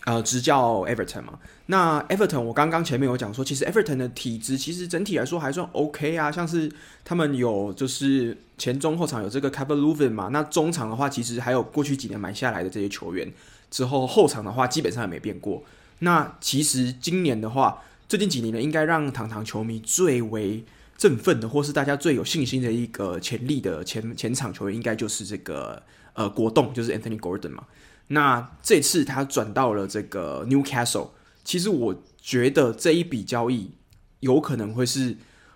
呃，執教 Everton 嘛，那 Everton 我剛剛前面有講說，其實 Everton 的體質其實整體來說還算 OK 啊，像是他們有就是前中後場有這個 Calvert-Lewin 嘛，那中場的話，其實還有過去幾年買下來的這些球員，之後後場的話基本上也沒變過。那其實今年的話，最近幾年呢，應該讓糖糖球迷最為振奮的，或是大家最有信心的一個潛力的前前場球員，應該就是這個呃，國棟，就是 Anthony Gordon 嘛。那這次他轉到了這個 Newcastle，其實我覺得這一筆交易有可能會是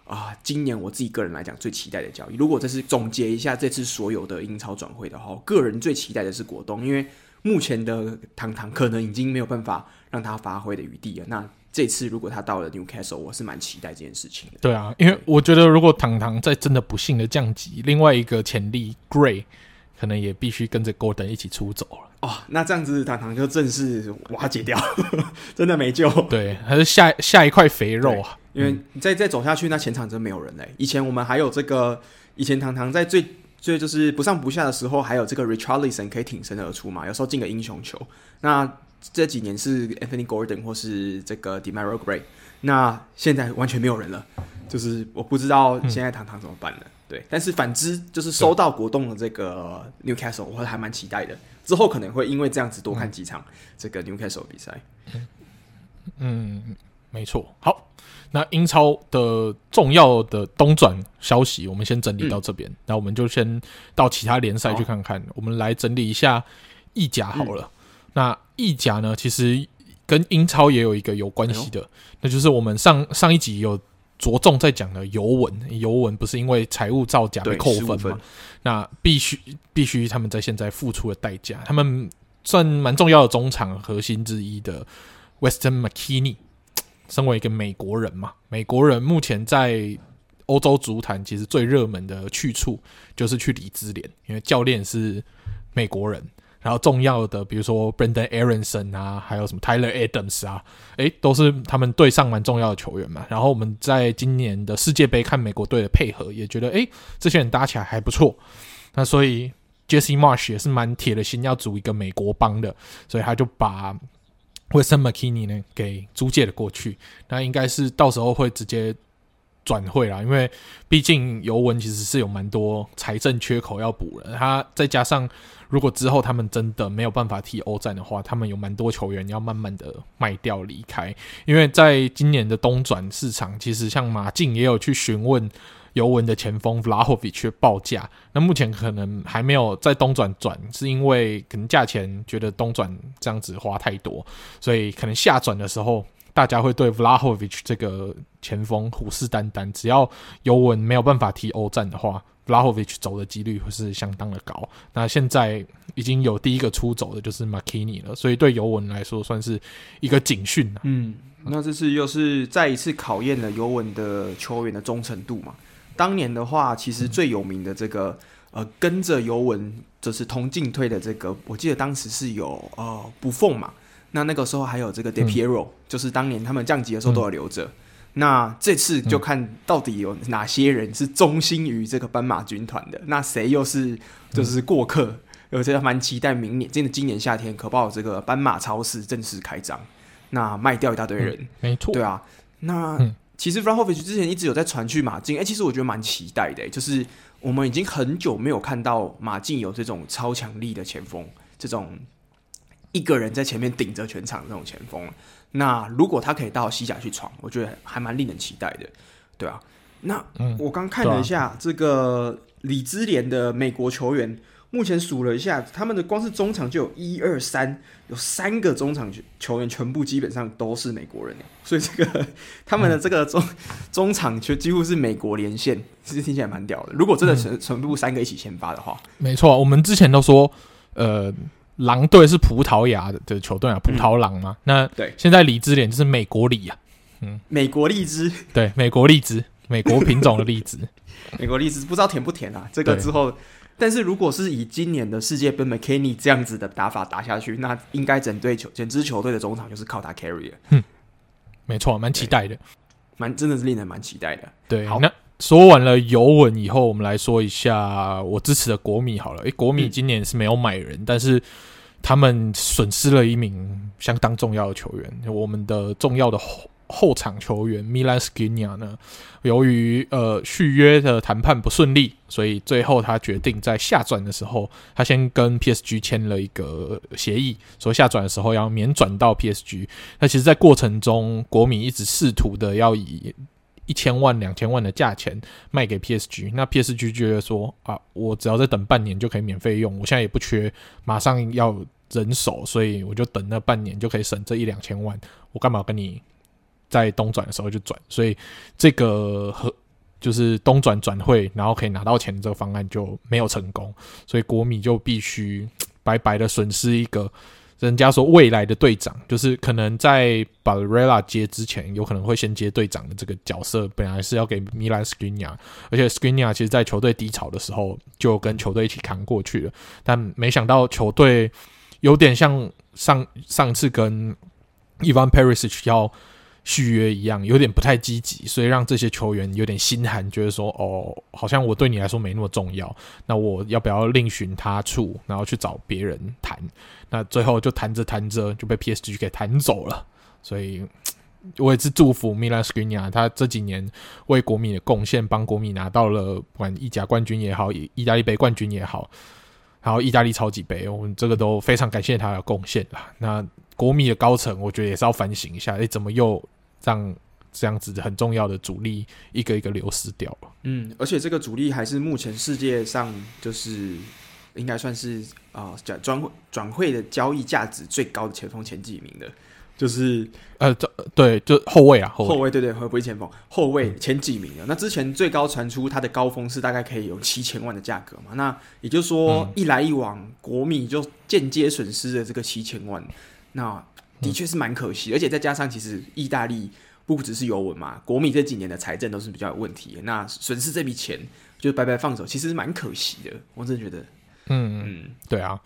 啊、呃，今年我自己個人來講最期待的交易。如果這是總結一下這次所有的英超轉會的話，我個人最期待的是國東，因為目前的糖糖可能已經沒有辦法讓他發揮的餘地了。那這次如果他到了 Newcastle，我是蠻期待這件事情的。對啊，因為我覺得如果糖糖在真的不幸的降級，另外一個潛力 Gray。可能也必須跟着 Gordon 一起出走了。哦，那這樣子，糖糖就正式瓦解掉，嗯、呵呵真的沒救。對，還是下下一塊肥肉啊！因為再再走下去，那前場真沒有人嘞、欸。以前我們還有這個，嗯、以前糖糖在最最就是不上不下的時候，還有這個 Richarlison 可以挺身而出嘛。有時候進個英雄球。那這幾年是 Anthony Gordon 或是這個 Demarai Gray，那現在完全沒有人了。就是我不知道現在糖糖怎麼辦了。嗯對，但是反之，就是收到國棟的這個 Newcastle，對我還蠻期待的。之後可能會因為這樣子多看幾場、嗯、這個 Newcastle 比賽。嗯，沒錯。好，那英超的重要的冬轉消息，我們先整理到這邊。那、嗯、我們就先到其他聯賽去看看。哦、我們來整理一下意甲好了。嗯、那意甲呢，其實跟英超也有一個有關係的，哎、喲那就是我們上上一集有。着重在講的尤文，尤文不是因為財務造假被扣分嗎？分那必須必須他們在現在付出的代價，他們算蠻重要的中場核心之一的 Weston McKennie，身為一個美國人嘛，美國人目前在歐洲足壇其實最熱門的去處就是去裡茲聯，因為教練是美國人。然後重要的，比如說 Brenden Aaronson 啊，還有什麼 Tyler Adams 啊，誒，都是他們隊上蠻重要的球員嘛。然後我們在今年的世界杯看美國隊的配合，也覺得誒，這些人搭起來還不錯。那所以 Jesse Marsh 也是蠻鐵的心蠻鐵了心要組一個美國幫的，所以他就把 Weston McKennie 呢給租借了過去。那應該是到時候會直接。轉會啦，因為畢竟尤文其實是有蠻多財政缺口要補的。他再加上，如果之後他們真的沒有辦法踢歐戰的話，他們有蠻多球員要慢慢的賣掉離開。因為在今年的冬轉市場，其實像馬競也有去詢問尤文的前鋒弗拉霍維奇報價。那目前可能還沒有在冬轉轉，是因為可能價錢覺得冬轉這樣子花太多，所以可能下轉的時候。大家會對 Vlahovic 這個前鋒虎視眈眈，只要尤文沒有辦法踢歐戰的話，Vlahovic 走的幾率會是相當的高。那現在已經有第一個出走的，就是 McKennie 了，所以對尤文來說算是一個警訊、啊、嗯，那這次又是再一次考驗了尤文的球員的忠誠度嘛？當年的話，其實最有名的這個、嗯、呃，跟着尤文就是同進退的這個，我記得當時是有呃 Buffon 嘛。那那個時候還有這個 Del Piero，、嗯、就是當年他們降級的時候都有留着。嗯、那這次就看到底有哪些人是忠心於這個斑馬軍團的，嗯、那誰又是就是過客？有些人蠻期待明年，真的今年夏天可報這個斑馬超市正式開張。那賣掉一大堆人，嗯、沒錯，對啊。那其實 Vlahovic 之前一直有在傳去馬競，哎、欸，其實我覺得蠻期待的、欸，就是我們已經很久沒有看到馬競有這種超強力的前鋒這種。一個人在前面頂着全場這種前鋒，那如果他可以到西甲去闖，我覺得還蠻令人期待的，對啊，那我剛看了一下、嗯啊、這個里茲聯的美國球員，目前數了一下，他們的光是中場就有一二三，有三個中場球員全部基本上都是美國人，所以這個他們的這個中、嗯、中場就幾乎是美國連線，其實聽起來蠻屌的。如果真的成全部三個一起先發的話，嗯、沒錯，我們之前都說呃。狼隊是葡萄牙的球隊啊，葡萄狼嗎？嗯、那對，現在荔枝臉就是美國荔啊，嗯，美國荔枝，對，美國荔枝，美國品種的荔枝， 美國荔枝不知道甜不甜啊？這個之後，對但是如果是以今年的世界杯 McKennie 這樣子的打法打下去，那應該整隊球整支球隊的中場就是靠他 carry 了。嗯、沒錯、啊，蠻期待的，蠻真的是令人蠻期待的。對，好的說完了尤文以後，我們來說一下我支持的國米好了。哎、欸，國米今年是沒有買人，嗯、但是他們損失了一名相當重要的球員。我們的重要的後後場球員米蘭斯基尼亞呢，由於呃續約的談判不順利，所以最後他決定在下轉的時候，他先跟 PSG 簽了一個協議，所以下轉的時候要免轉到 PSG。那其實，在過程中國米一直試圖的要以。一千萬、兩千萬的價錢賣給 PSG，那 PSG 覺得說啊，我只要再等半年就可以免費用，我現在也不缺，馬上要人手，所以我就等那半年就可以省這一兩千萬，我幹嘛跟你在冬轉的時候就轉？所以這個和就是冬轉轉會，然後可以拿到錢這個方案就沒有成功，所以國米就必須白白的損失一個。人家說未來的隊長，就是可能在巴雷拉接之前，有可能會先接隊長的這個角色。本來是要給米蘭斯克里尼亞，而且斯克里尼亞其實在球隊低潮的時候就跟球隊一起扛過去了，但沒想到球隊有點像上上次跟伊、e、萬·佩里西奇要續約一樣有點不太積極，所以讓這些球員有點心寒，覺得說：“哦，好像我對你來說沒那麼重要。”那我要不要另尋他處，然後去找別人談？那最後就談着談着，談着就被 PSG 給談走了。所以，我也是祝福米蘭·斯克里尼亞爾啊，他這幾年為國米的貢獻，幫國米拿到了不管意甲冠軍也好，意意大利杯冠軍也好，還有意大利超級杯，我們這個都非常感謝他的貢獻啦。那。國米的高層，我覺得也是要反省一下，哎、欸，怎麼又讓這樣子很重要的主力一個一個流失掉了？嗯，而且這個主力還是目前世界上就是應該算是啊，轉、呃、轉會的交易價值最高的前鋒前幾名的，就是呃就，對，就後衛啊，後衛，後衛對對，不不是前鋒，後衛前幾名的。嗯、那之前最高傳出它的高峰是大概可以有七千萬的價格嘛？那也就是說，一來一往，嗯、國米就間接損失了這個七千萬。那的確是蠻可惜，嗯、而且再加上其實意大利不只是尤文嘛，國米這幾年的財政都是比較有問題。那損失這筆錢就白白放手，其實是蠻可惜的。我真的覺得，嗯嗯，嗯對啊。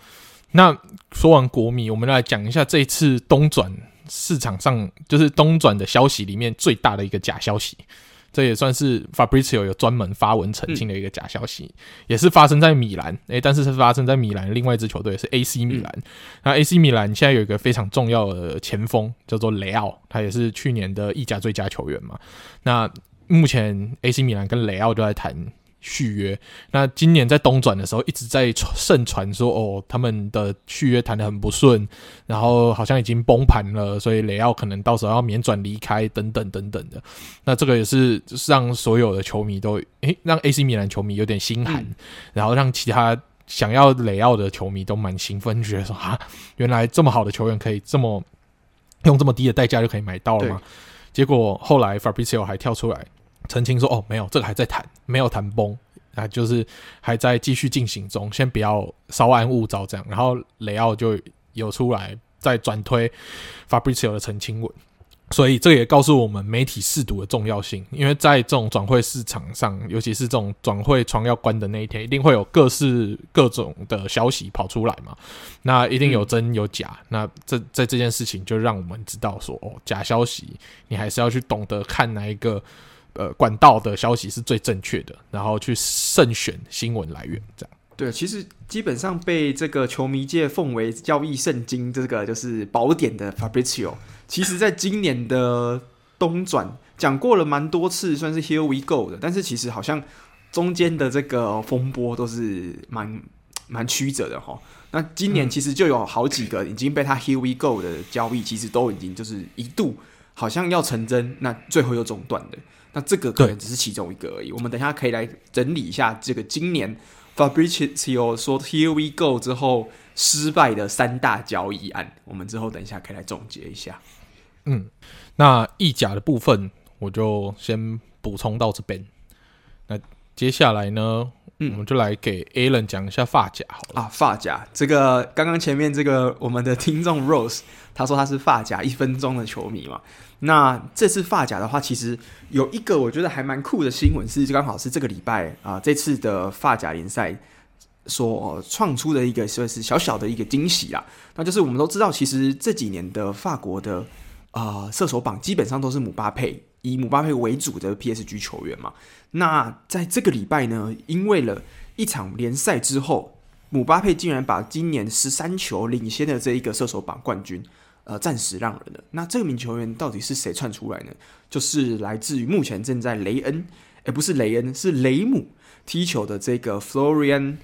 那說完國米，我們來講一下這一次冬轉市場上，就是冬轉的消息裡面最大的一個假消息。這也算是 Fabrizio 有專門發文澄清的一個假消息，嗯、也是發生在米蘭，誒，但是是發生在米蘭另外一支球隊，是 AC 米蘭。嗯、那 AC 米蘭現在有一個非常重要的前鋒叫做雷奧，他也是去年的意甲最佳球員嘛。那目前 AC 米蘭跟雷奧都在談。續約，那今年在冬轉的時候，一直在盛傳說哦，他們的續約談得很不順，然後好像已經崩盤了，所以雷奧可能到時候要免轉離開等等等等的。那這個也是就是讓所有的球迷都誒，讓 AC 米蘭球迷有點心寒，嗯、然後讓其他想要雷奧的球迷都蠻興奮，覺得說啊，原來這麼好的球員可以這麼用這麼低的代價就可以買到了嗎？對結果後來 Fabrizio 還跳出來。澄清說：“哦，沒有，這個還在談，沒有談崩啊，就是還在繼續進行中，先不要稍安勿躁這樣。”然後雷奧就有出來再轉推 Fabrizio 的澄清文，所以這也告訴我們媒體識讀的重要性，因為在這種轉會市場上，尤其是這種轉會窗要關的那一天，一定會有各式各種的消息跑出來嘛，那一定有真有假。嗯、那這在這件事情就讓我們知道說：“哦，假消息，你還是要去懂得看哪一個。”呃，管道的消息是最正確的，然後去慎選新聞來源，這樣對。其實基本上被這個球迷界奉為交易聖經，這個就是寶典的 Fabrizio，其實在今年的冬轉講過了蠻多次，算是 Here we go 的，但是其實好像中間的這個風波都是蠻蠻曲折的哈。那今年其實就有好幾個已經被他 Here we go 的交易，其實都已經就是一度好像要成真，那最後又中斷的。那這個可能只是其中一個而已對。我們等一下可以來整理一下這個今年 Fabrizio 說 “Here we go” 之後失敗的三大交易案。我們之後等一下可以來總結一下。嗯，那意甲的部分我就先補充到這邊。那接下來呢，嗯，我們就來給 Allen 講一下法甲好了。啊，法甲這個剛剛前面這個我們的聽眾 Rose。他說他是法甲一分鐘的球迷嘛？那這次法甲的話，其實有一個我覺得還蠻酷的新聞，是剛好是這個禮拜啊、呃，這次的法甲聯賽所創、呃、出的一個算是小小的一個驚喜啦。那就是我們都知道，其實這幾年的法國的啊、呃、射手榜基本上都是姆巴佩以姆巴佩為主的 PSG 球員嘛。那在這個禮拜呢，因為了一場聯賽之後，姆巴佩竟然把今年十三球領先的這一個射手榜冠軍。呃，暫時讓人的，那這個名球員到底是誰竄出來呢？就是來自於目前正在雷恩，哎、欸，不是雷恩，是雷姆踢球的這個 Florian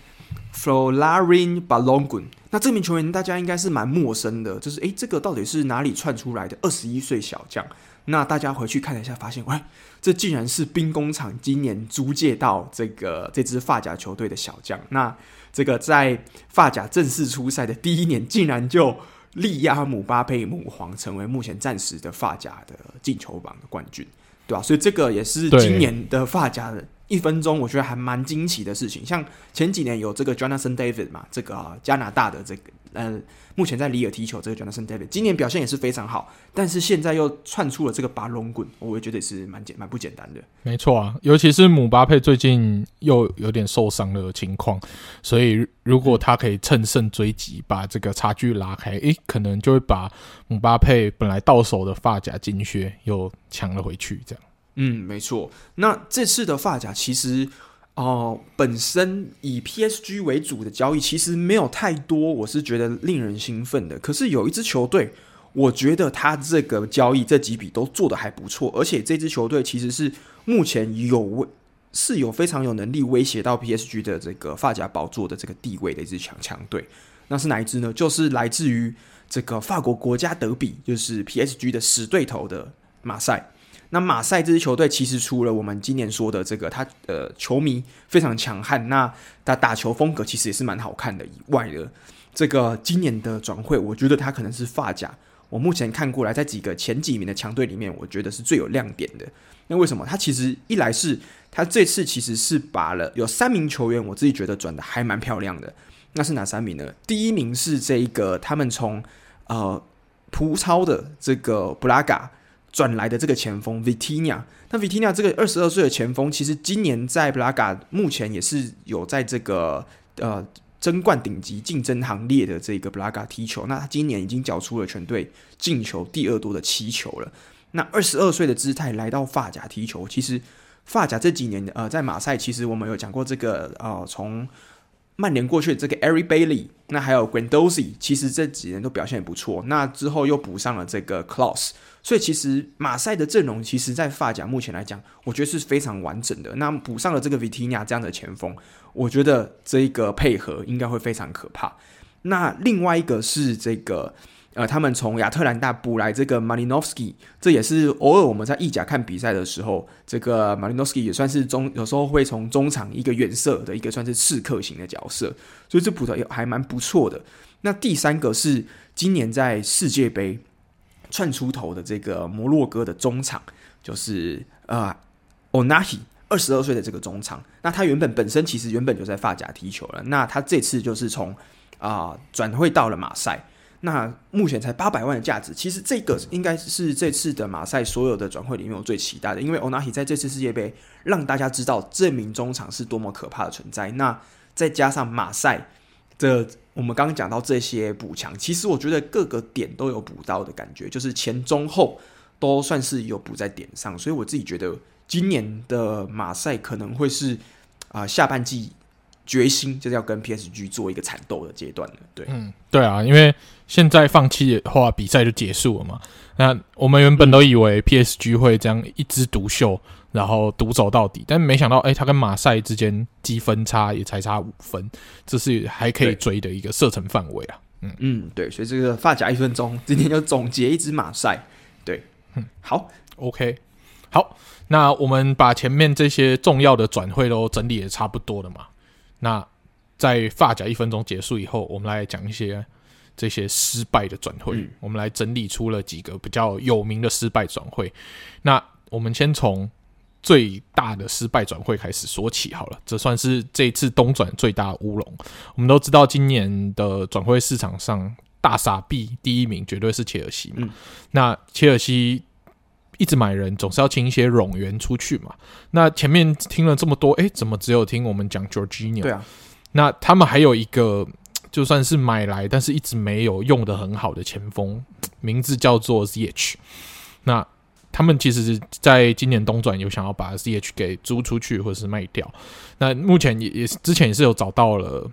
Folarin Balogun。那這名球員大家應該是蠻陌生的，就是誒、欸，這個到底是哪裡竄出來的？二十一歲小將。那大家回去看了一下，發現，喂，這竟然是兵工廠今年租借到這個這支法甲球隊的小將。那這個在法甲正式出賽的第一年，竟然就。力壓姆巴佩、姆皇，成為目前暫時的法甲的進球榜的冠軍，對吧、啊？所以這個也是今年的法甲的一分鐘，我覺得還蠻驚奇的事情。像前幾年有這個 Jonathan David 嘛，這個、啊、加拿大的這個。呃，目前在里爾踢球，這個 Jonathan David 今年表現也是非常好，但是現在又竄出了這個巴洛根，我也覺得也是蠻簡蠻不簡單的。沒錯啊，尤其是姆巴佩最近又有點受傷的情況，所以如果他可以乘勝追擊，把這個差距拉開，誒，可能就會把姆巴佩本來到手的法甲金靴又搶了回去，這樣。嗯，沒錯。那這次的法甲其實。哦，本身以 PSG 為主的交易其實沒有太多，我是覺得令人興奮的。可是有一支球隊，我覺得他這個交易這幾筆都做得還不錯，而且這支球隊其實是目前有是有非常有能力威脅到 PSG 的這個法甲寶座的這個地位的一支強強隊。那是哪一支呢？就是來自於這個法國國家德比，就是 PSG 的死對頭的馬賽。那馬賽這支球隊其實除了我們今年說的這個，他呃球迷非常強悍，那他打，打球風格其實也是蠻好看的以外的，這個今年的轉會，我覺得他可能是法甲。我目前看過來，在幾個前幾名的強隊裡面，我覺得是最有亮點的。那為什麼他其實一來是，他這次其實是把了有三名球員，我自己覺得轉的還蠻漂亮的。那是哪三名呢？第一名是這一個，他們從呃葡超的這個布拉加。轉來的這個前鋒 Vitinha，那 Vitinha 這個二十二歲的前鋒，其實今年在布拉加目前也是有在這個呃爭冠頂級競爭行列的這個布拉加踢球。那他今年已經繳出了全隊進球第二多的七球了。那二十二歲的姿態來到法甲踢球，其實法甲這幾年呃在馬賽，其實我們有講過這個呃從。從曼聯過去的這個 Eric Bailey，那還有 Grandosi，其實這幾年都表現得不錯。那之後又補上了這個 Claus 所以其實馬賽的陣容其實在法甲目前來講，我覺得是非常完整的。那補上了這個 Vitinha 這樣的前鋒，我覺得這一個配合應該會非常可怕。那另外一個是這個。呃，他們從亞特蘭大補來這個馬林諾夫斯基，這也是偶爾我們在意甲看比賽的時候，這個馬林諾夫斯基也算是中，有時候會從中場一個遠射的一個算是刺客型的角色，所以這補的也還蠻不錯的。那第三個是今年在世界杯竄出頭的這個摩洛哥的中場，就是呃，奧納希，二十二歲的這個中場。那他原本本身其實原本就在法甲踢球了，那他這次就是從啊、呃、轉會到了馬賽。那目前才八百萬的價值，其實這個應該是這次的馬賽所有的轉會裡面我最期待的，因為 Ounahi 在這次世界盃讓大家知道這名中場是多麼可怕的存在。那再加上馬賽這我們剛剛講到這些補強，其實我覺得各個點都有補到的感覺，就是前中後都算是有補在點上，所以我自己覺得今年的馬賽可能會是啊、呃、下半季。決心就是要跟 PSG 做一個纏鬥的階段了，對，嗯，對啊，因為現在放棄的話，比賽就結束了嘛。那我們原本都以為 PSG 會這樣一枝獨秀，然後獨走到底，但沒想到，誒、欸、他跟馬賽之間積分差也才差五分，這是還可以追的一個射程範圍啊。對嗯嗯，對，所以這個法甲一分鐘，今天就總結一支馬賽。對，嗯、好，OK，好，那我們把前面這些重要的轉會都整理得差不多了嘛。那在發夾一分鐘結束以後，我們來講一些這些失敗的轉會。嗯、我們來整理出了幾個比較有名的失敗轉會。那我們先從最大的失敗轉會開始說起。好了，這算是這次冬轉最大的烏龍。我們都知道，今年的轉會市場上大傻幣第一名絕對是切爾西、嗯、那切爾西。一直買人總是要請一些冗員出去嘛。那前面聽了這麼多，哎，怎麼只有聽我們講 Georginio？對啊。那他們還有一個就算是買來，但是一直沒有用的很好的前鋒，名字叫做 Zh。那他們其實是在今年冬轉有想要把 Zh 給租出去或者是賣掉。那目前也也是之前也是有找到了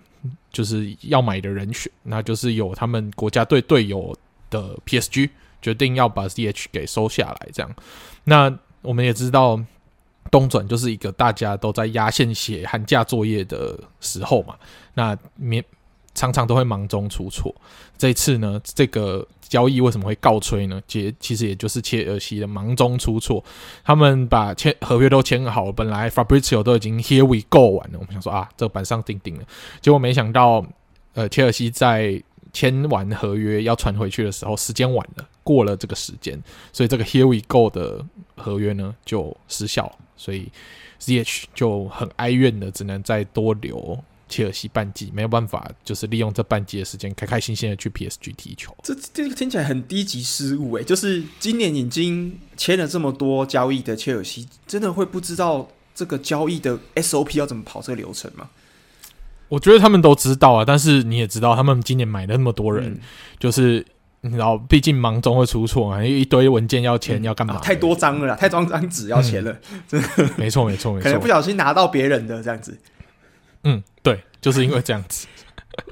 就是要買的人選，那就是有他們國家隊隊友的 PSG。決定要把 DH 給收下來，這樣，那我們也知道，冬轉就是一個大家都在壓線寫寒假作業的時候嘛，那常常常都會忙中出錯。這次呢，這個交易為什麼會告吹呢？也其實也就是切爾西的忙中出錯，他們把簽合約都簽好，本來 Fabrizio 都已經 Here we go 完了，我們想說啊，這板上釘釘了，結果沒想到，呃，切爾西在簽完合約要傳回去的時候，時間晚了。過了這個時間，所以這個 Here we go 的合約呢就失效，所以 ZH 就很哀怨的，只能再多留切爾西半季，沒有辦法，就是利用這半季的時間開開心心的去 PSG 踢球。這這個聽起來很低級失誤哎、欸，就是今年已經簽了這麼多交易的切爾西，真的會不知道這個交易的 SOP 要怎麼跑這個流程嗎？我覺得他們都知道啊，但是你也知道，他們今年買了那麼多人，嗯、就是。然後，畢竟忙中會出錯嘛、啊，因為一堆文件要簽要幹嘛、嗯啊？太多張了啦，太多張紙要簽了，嗯、真的。沒錯，沒錯，沒錯。可能不小心拿到別人的這樣子。嗯，對，就是因為這樣子。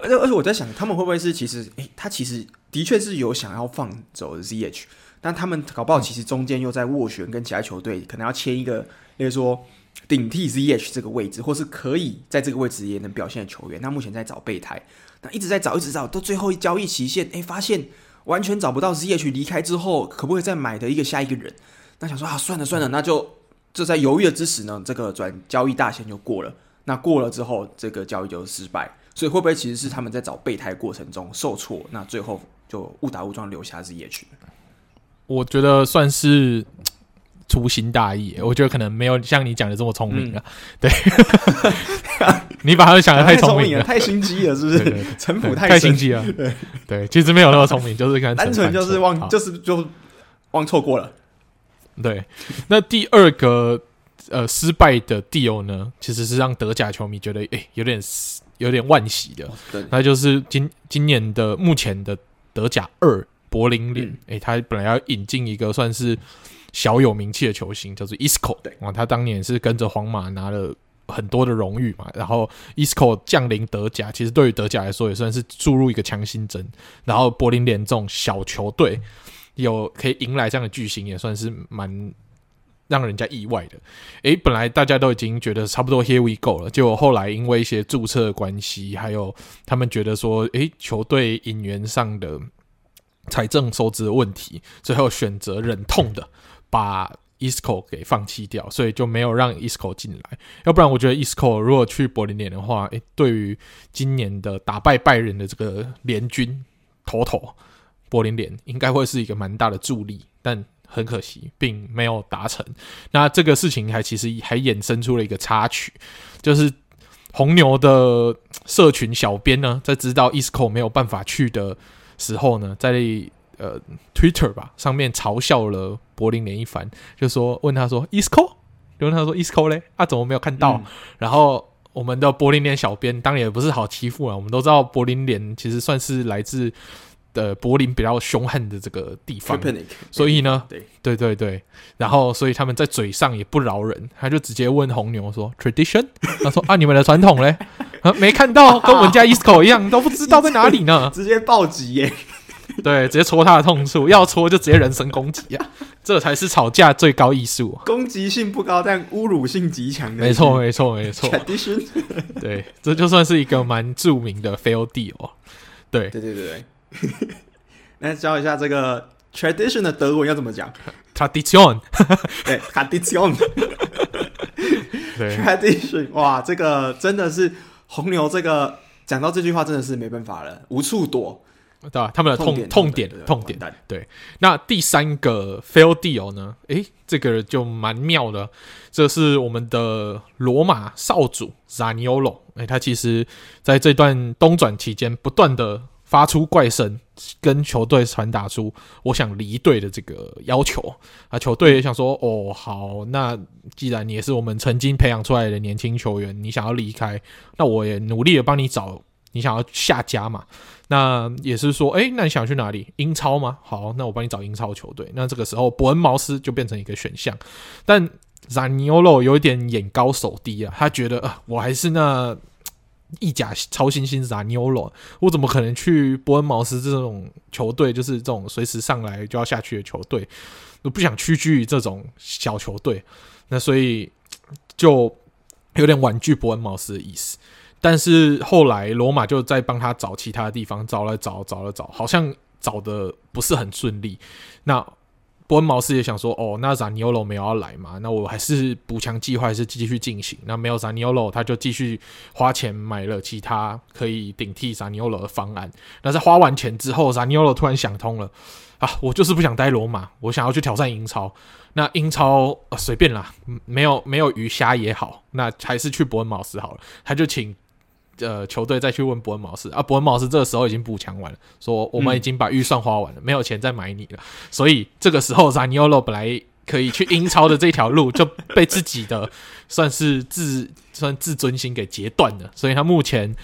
而、哎、而且我在想，他們會不會是其實，哎，他其實的確是有想要放走 ZH，但他們搞不好其實中間又在斡旋，跟其他球隊可能要簽一個，例如說頂替 ZH 這個位置，或是可以在這個位置也能表現的球員。那目前在找備胎，那一直在找，一直找到最後一交易期限，哎，發現。完全找不到是 h 曲離開之後可不可以再買的一個下一個人，那想說啊，算了算了，那就就在猶豫的之時呢，這個轉交易大限就過了，那過了之後這個交易就失敗，所以會不會其實是他們在找備胎過程中受挫，那最後就誤打誤撞留下是 h 曲？我覺得算是。粗心大意，我覺得可能沒有像你講的這麼聰明啊。對，你把他想的太聰明了，太心機了，是不是？城府太心機了。對對，其實沒有那麼聰明，就是看單純就是忘，就是就忘錯過了。對，那第二個呃失敗的 deal 呢，其實是讓德甲球迷覺得哎有點有點惋惜的，那就是今今年的目前的德甲二柏林聯，哎，他本來要引進一個算是。小有名氣的球星，叫做伊斯科。對，哇，他當年是跟着皇馬拿了很多的榮譽嘛。然後伊斯科降臨德甲，其實對於德甲來說也算是注入一個強心針。然後柏林聯這種小球隊有可以迎來這樣的巨星，也算是蠻讓人家意外的。誒，本來大家都已經覺得差不多 here we go 了，結果後來因為一些註冊的關係，還有他們覺得說，誒，球隊引援上的財政收支的問題，最後選擇忍痛的。嗯把伊斯科給放棄掉，所以就沒有讓伊斯科進來。要不然，我覺得伊斯科如果去柏林聯的話，誒，對於今年的打敗拜仁的這個聯軍，妥妥柏林聯應該會是一個蠻大的助力。但很可惜，並沒有達成。那這個事情還其實還衍生出了一個插曲，就是紅牛的社群小編呢，在知道伊斯科沒有辦法去的時候呢，在呃 Twitter 吧上面嘲笑了。柏林聯一凡就說問他說 Isco 就問他說 Isco 嘞啊，怎麼沒有看到？嗯、然後我們的柏林聯小編當然也不是好欺負啊。我們都知道柏林聯其實算是來自的、呃、柏林比較兇狠的這個地方，Köpenick，所以呢，嗯、對對對、對，然後所以他們在嘴上也不饒人，人，人，人，他就直接問紅牛說 tradition， 他說啊你們的傳統嘞 啊沒看到，跟我們家 Isco 一樣 都不知道在哪裡呢，直、直接暴擊耶、欸。對，直接戳他的痛處，要戳就直接人身攻擊呀、啊， 這才是吵架最高藝術。攻擊性不高，但侮辱性極強。沒錯，沒錯 ition，沒錯。Tradition，對，這就算是一個蠻著名的 fail deal。對,對,對,對,對，對，對。那教一下這個 tradition 的德文要怎麼講？Tradition，對 t r a i o n t r a d i t i o n 對哇，這個真的是紅牛，這個講到這句話真的是沒辦法了，無處躲。對吧？他們的痛痛點痛點，對。那第三個 fail deal 呢？誒、欸、這個就蠻妙的。這是我們的羅馬少主 Zaniolo 哎、欸，他其實在這段冬轉期間，不斷的發出怪聲，跟球隊傳達出我想離隊的這個要求。啊，球隊也想說，哦，好，那既然你也是我們曾經培養出來的年輕球員，你想要離開，那我也努力的幫你找你想要下家嘛。那也是說，哎，那你想去哪裡？英超嗎？好，那我幫你找英超球隊。那這個時候，伯恩茅斯就變成一個選項，但扎尼奧洛有一點眼高手低啊，他覺得啊、呃，我還是那意甲超新星扎尼奧洛，我怎麼可能去伯恩茅斯這種球隊？就是這種隨時上來就要下去的球隊，我不想屈居於這種小球隊。那所以就有點婉拒伯恩茅斯的意思。但是後來羅馬就在幫他找其他的地方，找了找找了找，好像找的不是很順利。那伯恩茅斯也想說，哦，那薩尼奧羅沒有要來嘛？那我還是補強計劃還是繼續進行。那沒有薩尼奧羅，他就繼續花錢買了其他可以頂替薩尼奧羅的方案。那在花完錢之後，薩尼奧羅突然想通了啊，我就是不想待羅馬，我想要去挑戰英超。那英超呃隨便啦，沒有沒有魚蝦也好，那還是去伯恩茅斯好了。他就請。呃，球隊再去問伯恩茅斯啊，伯恩茅斯這個時候已經補強完了，說我們已經把預算花完了，嗯、沒有錢再買你了，所以這個時候，塞尼奧洛本來可以去英超的這條路 就被自己的算是自算自尊心給截斷了，所以他目前。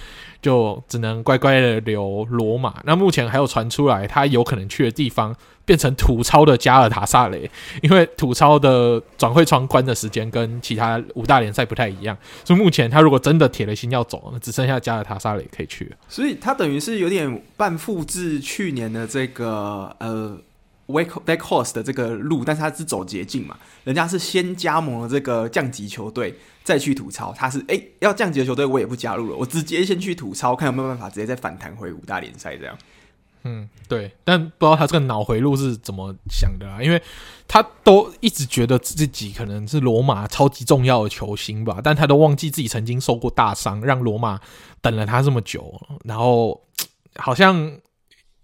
就只能乖乖的留羅馬。那目前還有傳出來，他有可能去的地方變成土超的加爾塔薩雷，因為土超的轉會窗關的時間跟其他五大聯賽不太一樣。所以目前他如果真的鐵了心要走，只剩下加爾塔薩雷可以去了。所以他等於是有點半複製去年的這個呃。wake back horse 的這個路，但是他是走捷徑嘛。人家是先加盟了這個降級球隊，再去吐槽。他是哎、欸，要降級的球隊我也不加入了，我直接先去吐槽，看有沒有辦法直接再反彈回五大聯賽這樣。嗯，對。但不知道他這個腦回路是怎麼想的啊？因為他都一直覺得自己可能是羅馬超級重要的球星吧，但他都忘記自己曾經受過大傷，讓羅馬等了他這麼久。然後好像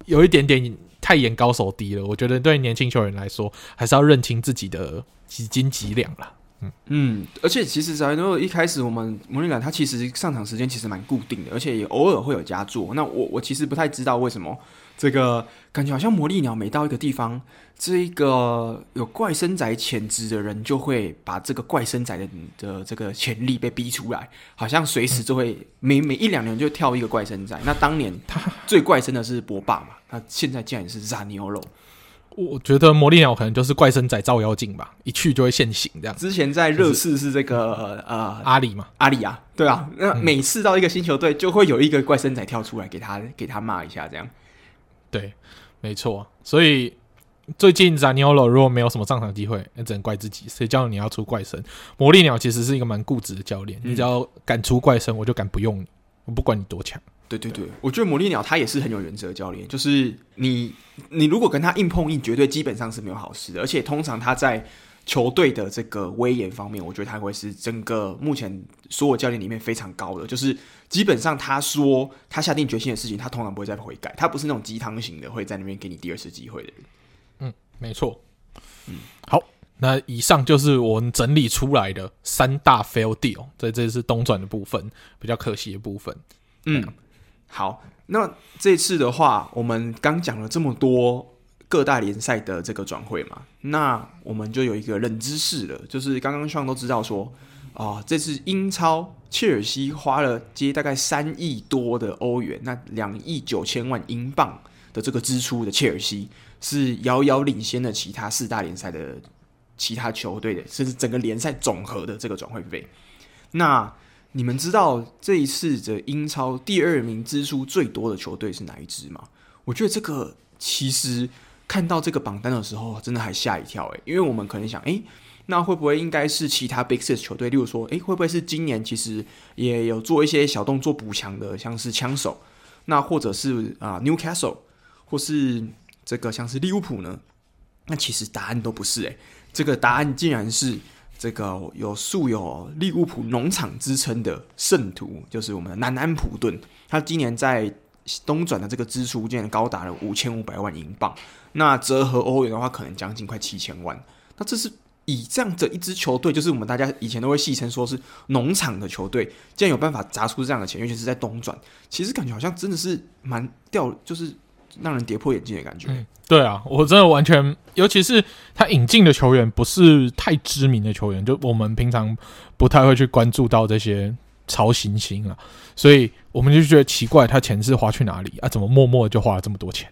有一點點。太眼高手低了，我覺得對年輕球員來說，還是要認清自己的幾斤幾兩啦。嗯嗯，而且其實，在如一開始我們摩尼爾他其實上場時間其實蠻固定的，而且也偶爾會有佳作。那我我其實不太知道為什麼。這個感覺好像魔力鳥每到一個地方，這一個有怪聲仔潛質的人就會把這個怪聲仔的的這個潛力被逼出來，好像隨時就會、嗯、每每一兩年就跳一個怪聲仔。 那當年他最怪聲的是博霸嘛，他現在竟然是炸牛肉。我覺得魔力鳥可能就是怪聲仔照妖鏡吧，一去就會現形這樣。之前在熱刺是，是這個呃阿里嘛，阿里啊，對啊，嗯、那每次到一個新球隊就會有一個怪聲仔跳出來給他給他罵一下這樣。對，沒錯。所以最近 Zaniolo 如果沒有什麼上場機會，那只能怪自己。誰叫你要出怪聲？魔力鳥其實是一個蠻固執的教練，嗯、你只要敢出怪聲，我就敢不用你，我不管你多強。對對對，對我覺得魔力鳥他也是很有原則的教練，就是你你如果跟他硬碰硬，絕對基本上是沒有好事的。而且通常他在球隊的這個威嚴方面，我覺得他會是整個目前所有教練裡面非常高的。就是基本上他說他下定決心的事情，他通常不會再悔改。他不是那種雞湯型的，會在那邊給你第二次機會的人。嗯，沒錯。嗯，好，那以上就是我們整理出來的三大 fail deal。這這是冬轉的部分，比較可惜的部分。嗯，好，那這次的話，我們剛講了這麼多。各大聯賽的這個轉會嘛，那我們就有一個冷知識了，就是剛剛上都知道說啊、哦，這次英超切爾西花了接大概三億多的歐元，那兩億九千萬英鎊的這個支出的切爾西是遙遙領先的，其他四大聯賽的其他球隊的甚至整個聯賽總和的這個轉會費。那你們知道這一次的英超第二名支出最多的球隊是哪一支嗎？我覺得這個其實。看到這個榜單的時候，真的還嚇一跳哎，因為我們可能想，哎、欸，那會不會應該是其他 Big Six 球隊？例如說，哎、欸，會不會是今年其實也有做一些小動作補強的，像是槍手，那或者是啊、呃、Newcastle，或是這個像是利物浦呢？那其實答案都不是哎，這個答案竟然是這個有素有利物浦農場之稱的聖徒，就是我們的南安普頓，他今年在冬轉的這個支出竟然高達了五千五百萬英鎊。那折合歐元的話，可能將近快七千萬。那這是以這樣的一支球隊，就是我們大家以前都會戲稱說是“農場”的球隊，竟然有辦法砸出這樣的錢，尤其是在冬轉，其實感覺好像真的是蠻掉，就是讓人跌破眼鏡的感覺。嗯，對啊，我真的完全，尤其是他引進的球員不是太知名的球員，就我們平常不太會去關注到這些超新星啊，所以我們就覺得奇怪，他錢是花去哪裡啊？怎麼默默就花了這麼多錢？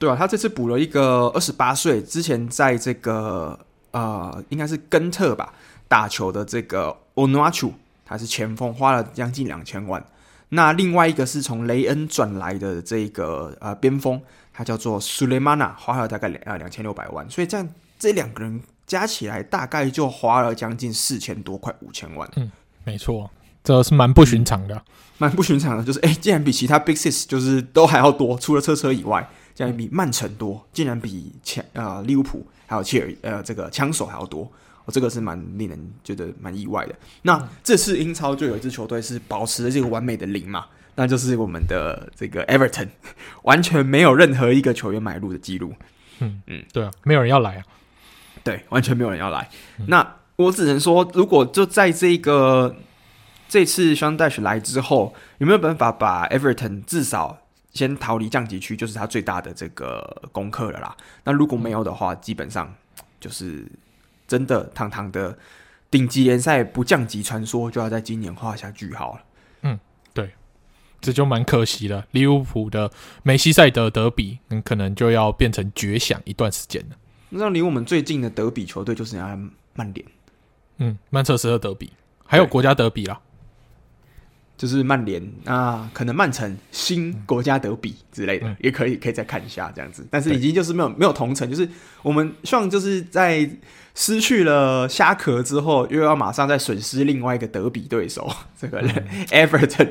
對啊，他這次補了一個二十八歲之前在這個呃，應該是根特吧打球的這個 Onuachu，他是前鋒，花了將近兩千萬。那另外一個是從雷恩轉來的這個呃邊鋒，他叫做 Sulemana，花了大概兩呃兩千六百萬。所以這樣這兩個人加起來大概就花了將近四千多塊五千萬。嗯，沒錯，這個，是蠻不尋常的，嗯，蠻不尋常的，就是哎，竟然比其他 Big Six 就是都還要多，除了車車以外。竟然比曼城多，竟然比槍呃利物浦還有切爾呃這個槍手還要多，哦，這個是蠻令人覺得蠻意外的。那、嗯、這次英超就有一支球隊是保持了這個完美的零嘛，那就是我們的這個 Everton，完全沒有任何一個球員買入的記錄。嗯嗯，嗯對啊，沒有人要來啊，對，完全沒有人要來。嗯、那我只能說，如果就在這個這次尚戴許來之後，有沒有辦法把 Everton 至少？先逃離降級區就是他最大的這個功課了啦。那如果沒有的話，嗯、基本上就是真的，堂堂的頂級聯賽不降級傳說就要在今年畫下句號了。嗯，對，這就蠻可惜了。利物浦的梅西賽德德，德比、嗯，可能就要變成絕響一段時間了。那離我們最近的德比球隊就是曼聯。嗯，曼徹斯特德比，還有國家德比啦。就是曼聯啊，可能曼城、新國家德比之類的、嗯嗯，也可以，可以再看一下這樣子。但是已經就是沒有對沒有同城，就是我們希望就是在失去了蝦殼之後，又要馬上再損失另外一個德比對手，這個、嗯、Everton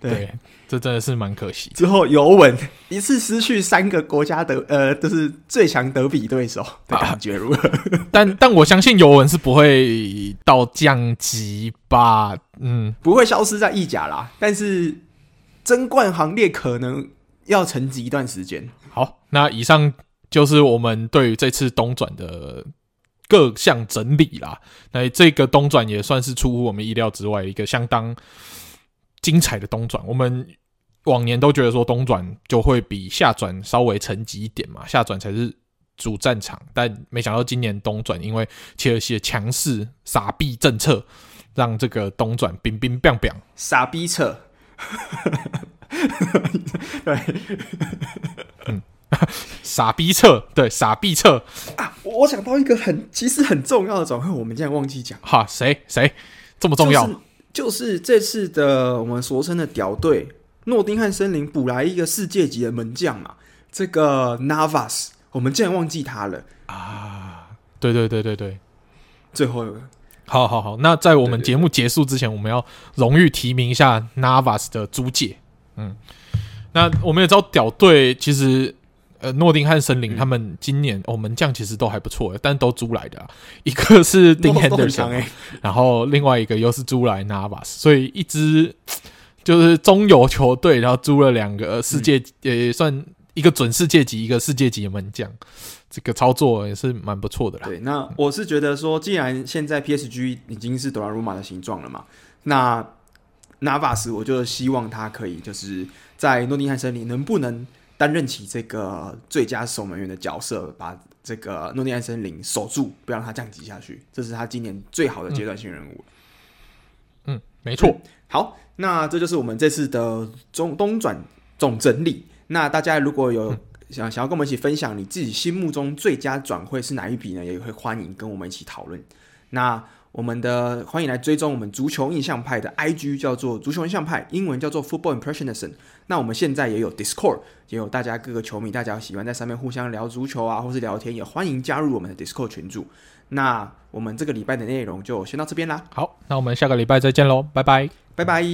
對。對這真的是蠻可惜。之後尤文一次失去三個國家的，呃，就是最強德比對手的感覺如何？啊、但但我相信尤文是不會到降級吧，嗯，不會消失在意甲啦。但是爭冠行列可能要沉寂一段時間。好，那以上就是我們對於這次冬轉的各項整理啦。那這個冬轉也算是出乎我們意料之外，一個相當精彩的冬轉。我們往年都覺得說冬轉就會比夏轉稍微沉寂一點嘛，夏轉才是主戰場，但沒想到今年冬轉，因為切爾西的強勢撒幣政策，讓這個冬轉乒乒乓乓撒幣車 對，嗯， 撒幣撤，對，撒幣車啊！我想到一個很其實很重要的轉會，我們竟然忘記講，哈，誰誰這麼重要？就是就是這次的我們俗稱的屌隊“屌隊”，諾丁漢森林補來一個世界級的門將嘛，這個 Navas 我們竟然忘記他了啊！對對對對對，最後，好好好，那在我們節目結束之前，對對對，我們要榮譽提名一下 Navas 的租借，嗯，那我們也知道“屌隊”其實。呃，諾丁漢森林他們今年、嗯哦，門將其實都還不錯，但都租來的、啊，一個是丁 i 德強誒，然後另外一個又是租來 Nava，s 所以一支就是中游球隊，然後租了兩個世界，呃、嗯，也算一個準世界級，一個世界級的門將，這個操作也是蠻不錯的啦。對，那我是覺得說，既然現在 PSG 已經是德羅魯馬的形狀了嘛，那 Nava 斯，我就希望他可以就是在諾丁漢森林能不能。擔任起這個最佳守門員的角色，把這個諾丁安森林守住，不讓他降級下去。這是他今年最好的階段性任務。嗯，嗯，沒錯。好，那這就是我們這次的中冬轉總整理。那大家如果有想、嗯、想要跟我們一起分享你自己心目中最佳轉會是哪一筆呢？也會歡迎跟我們一起討論。那。我們的歡迎來追蹤我們足球印象派的 IG，叫做足球印象派，英文叫做 Football Impressionism。那我們現在也有 Discord，也有大家各個球迷，大家喜歡在上面互相聊足球啊，或是聊天，也歡迎加入我們的 Discord 群組。那我們這個禮拜的內容就先到這邊啦。好，那我們下個禮拜再見嘍，拜拜，拜拜。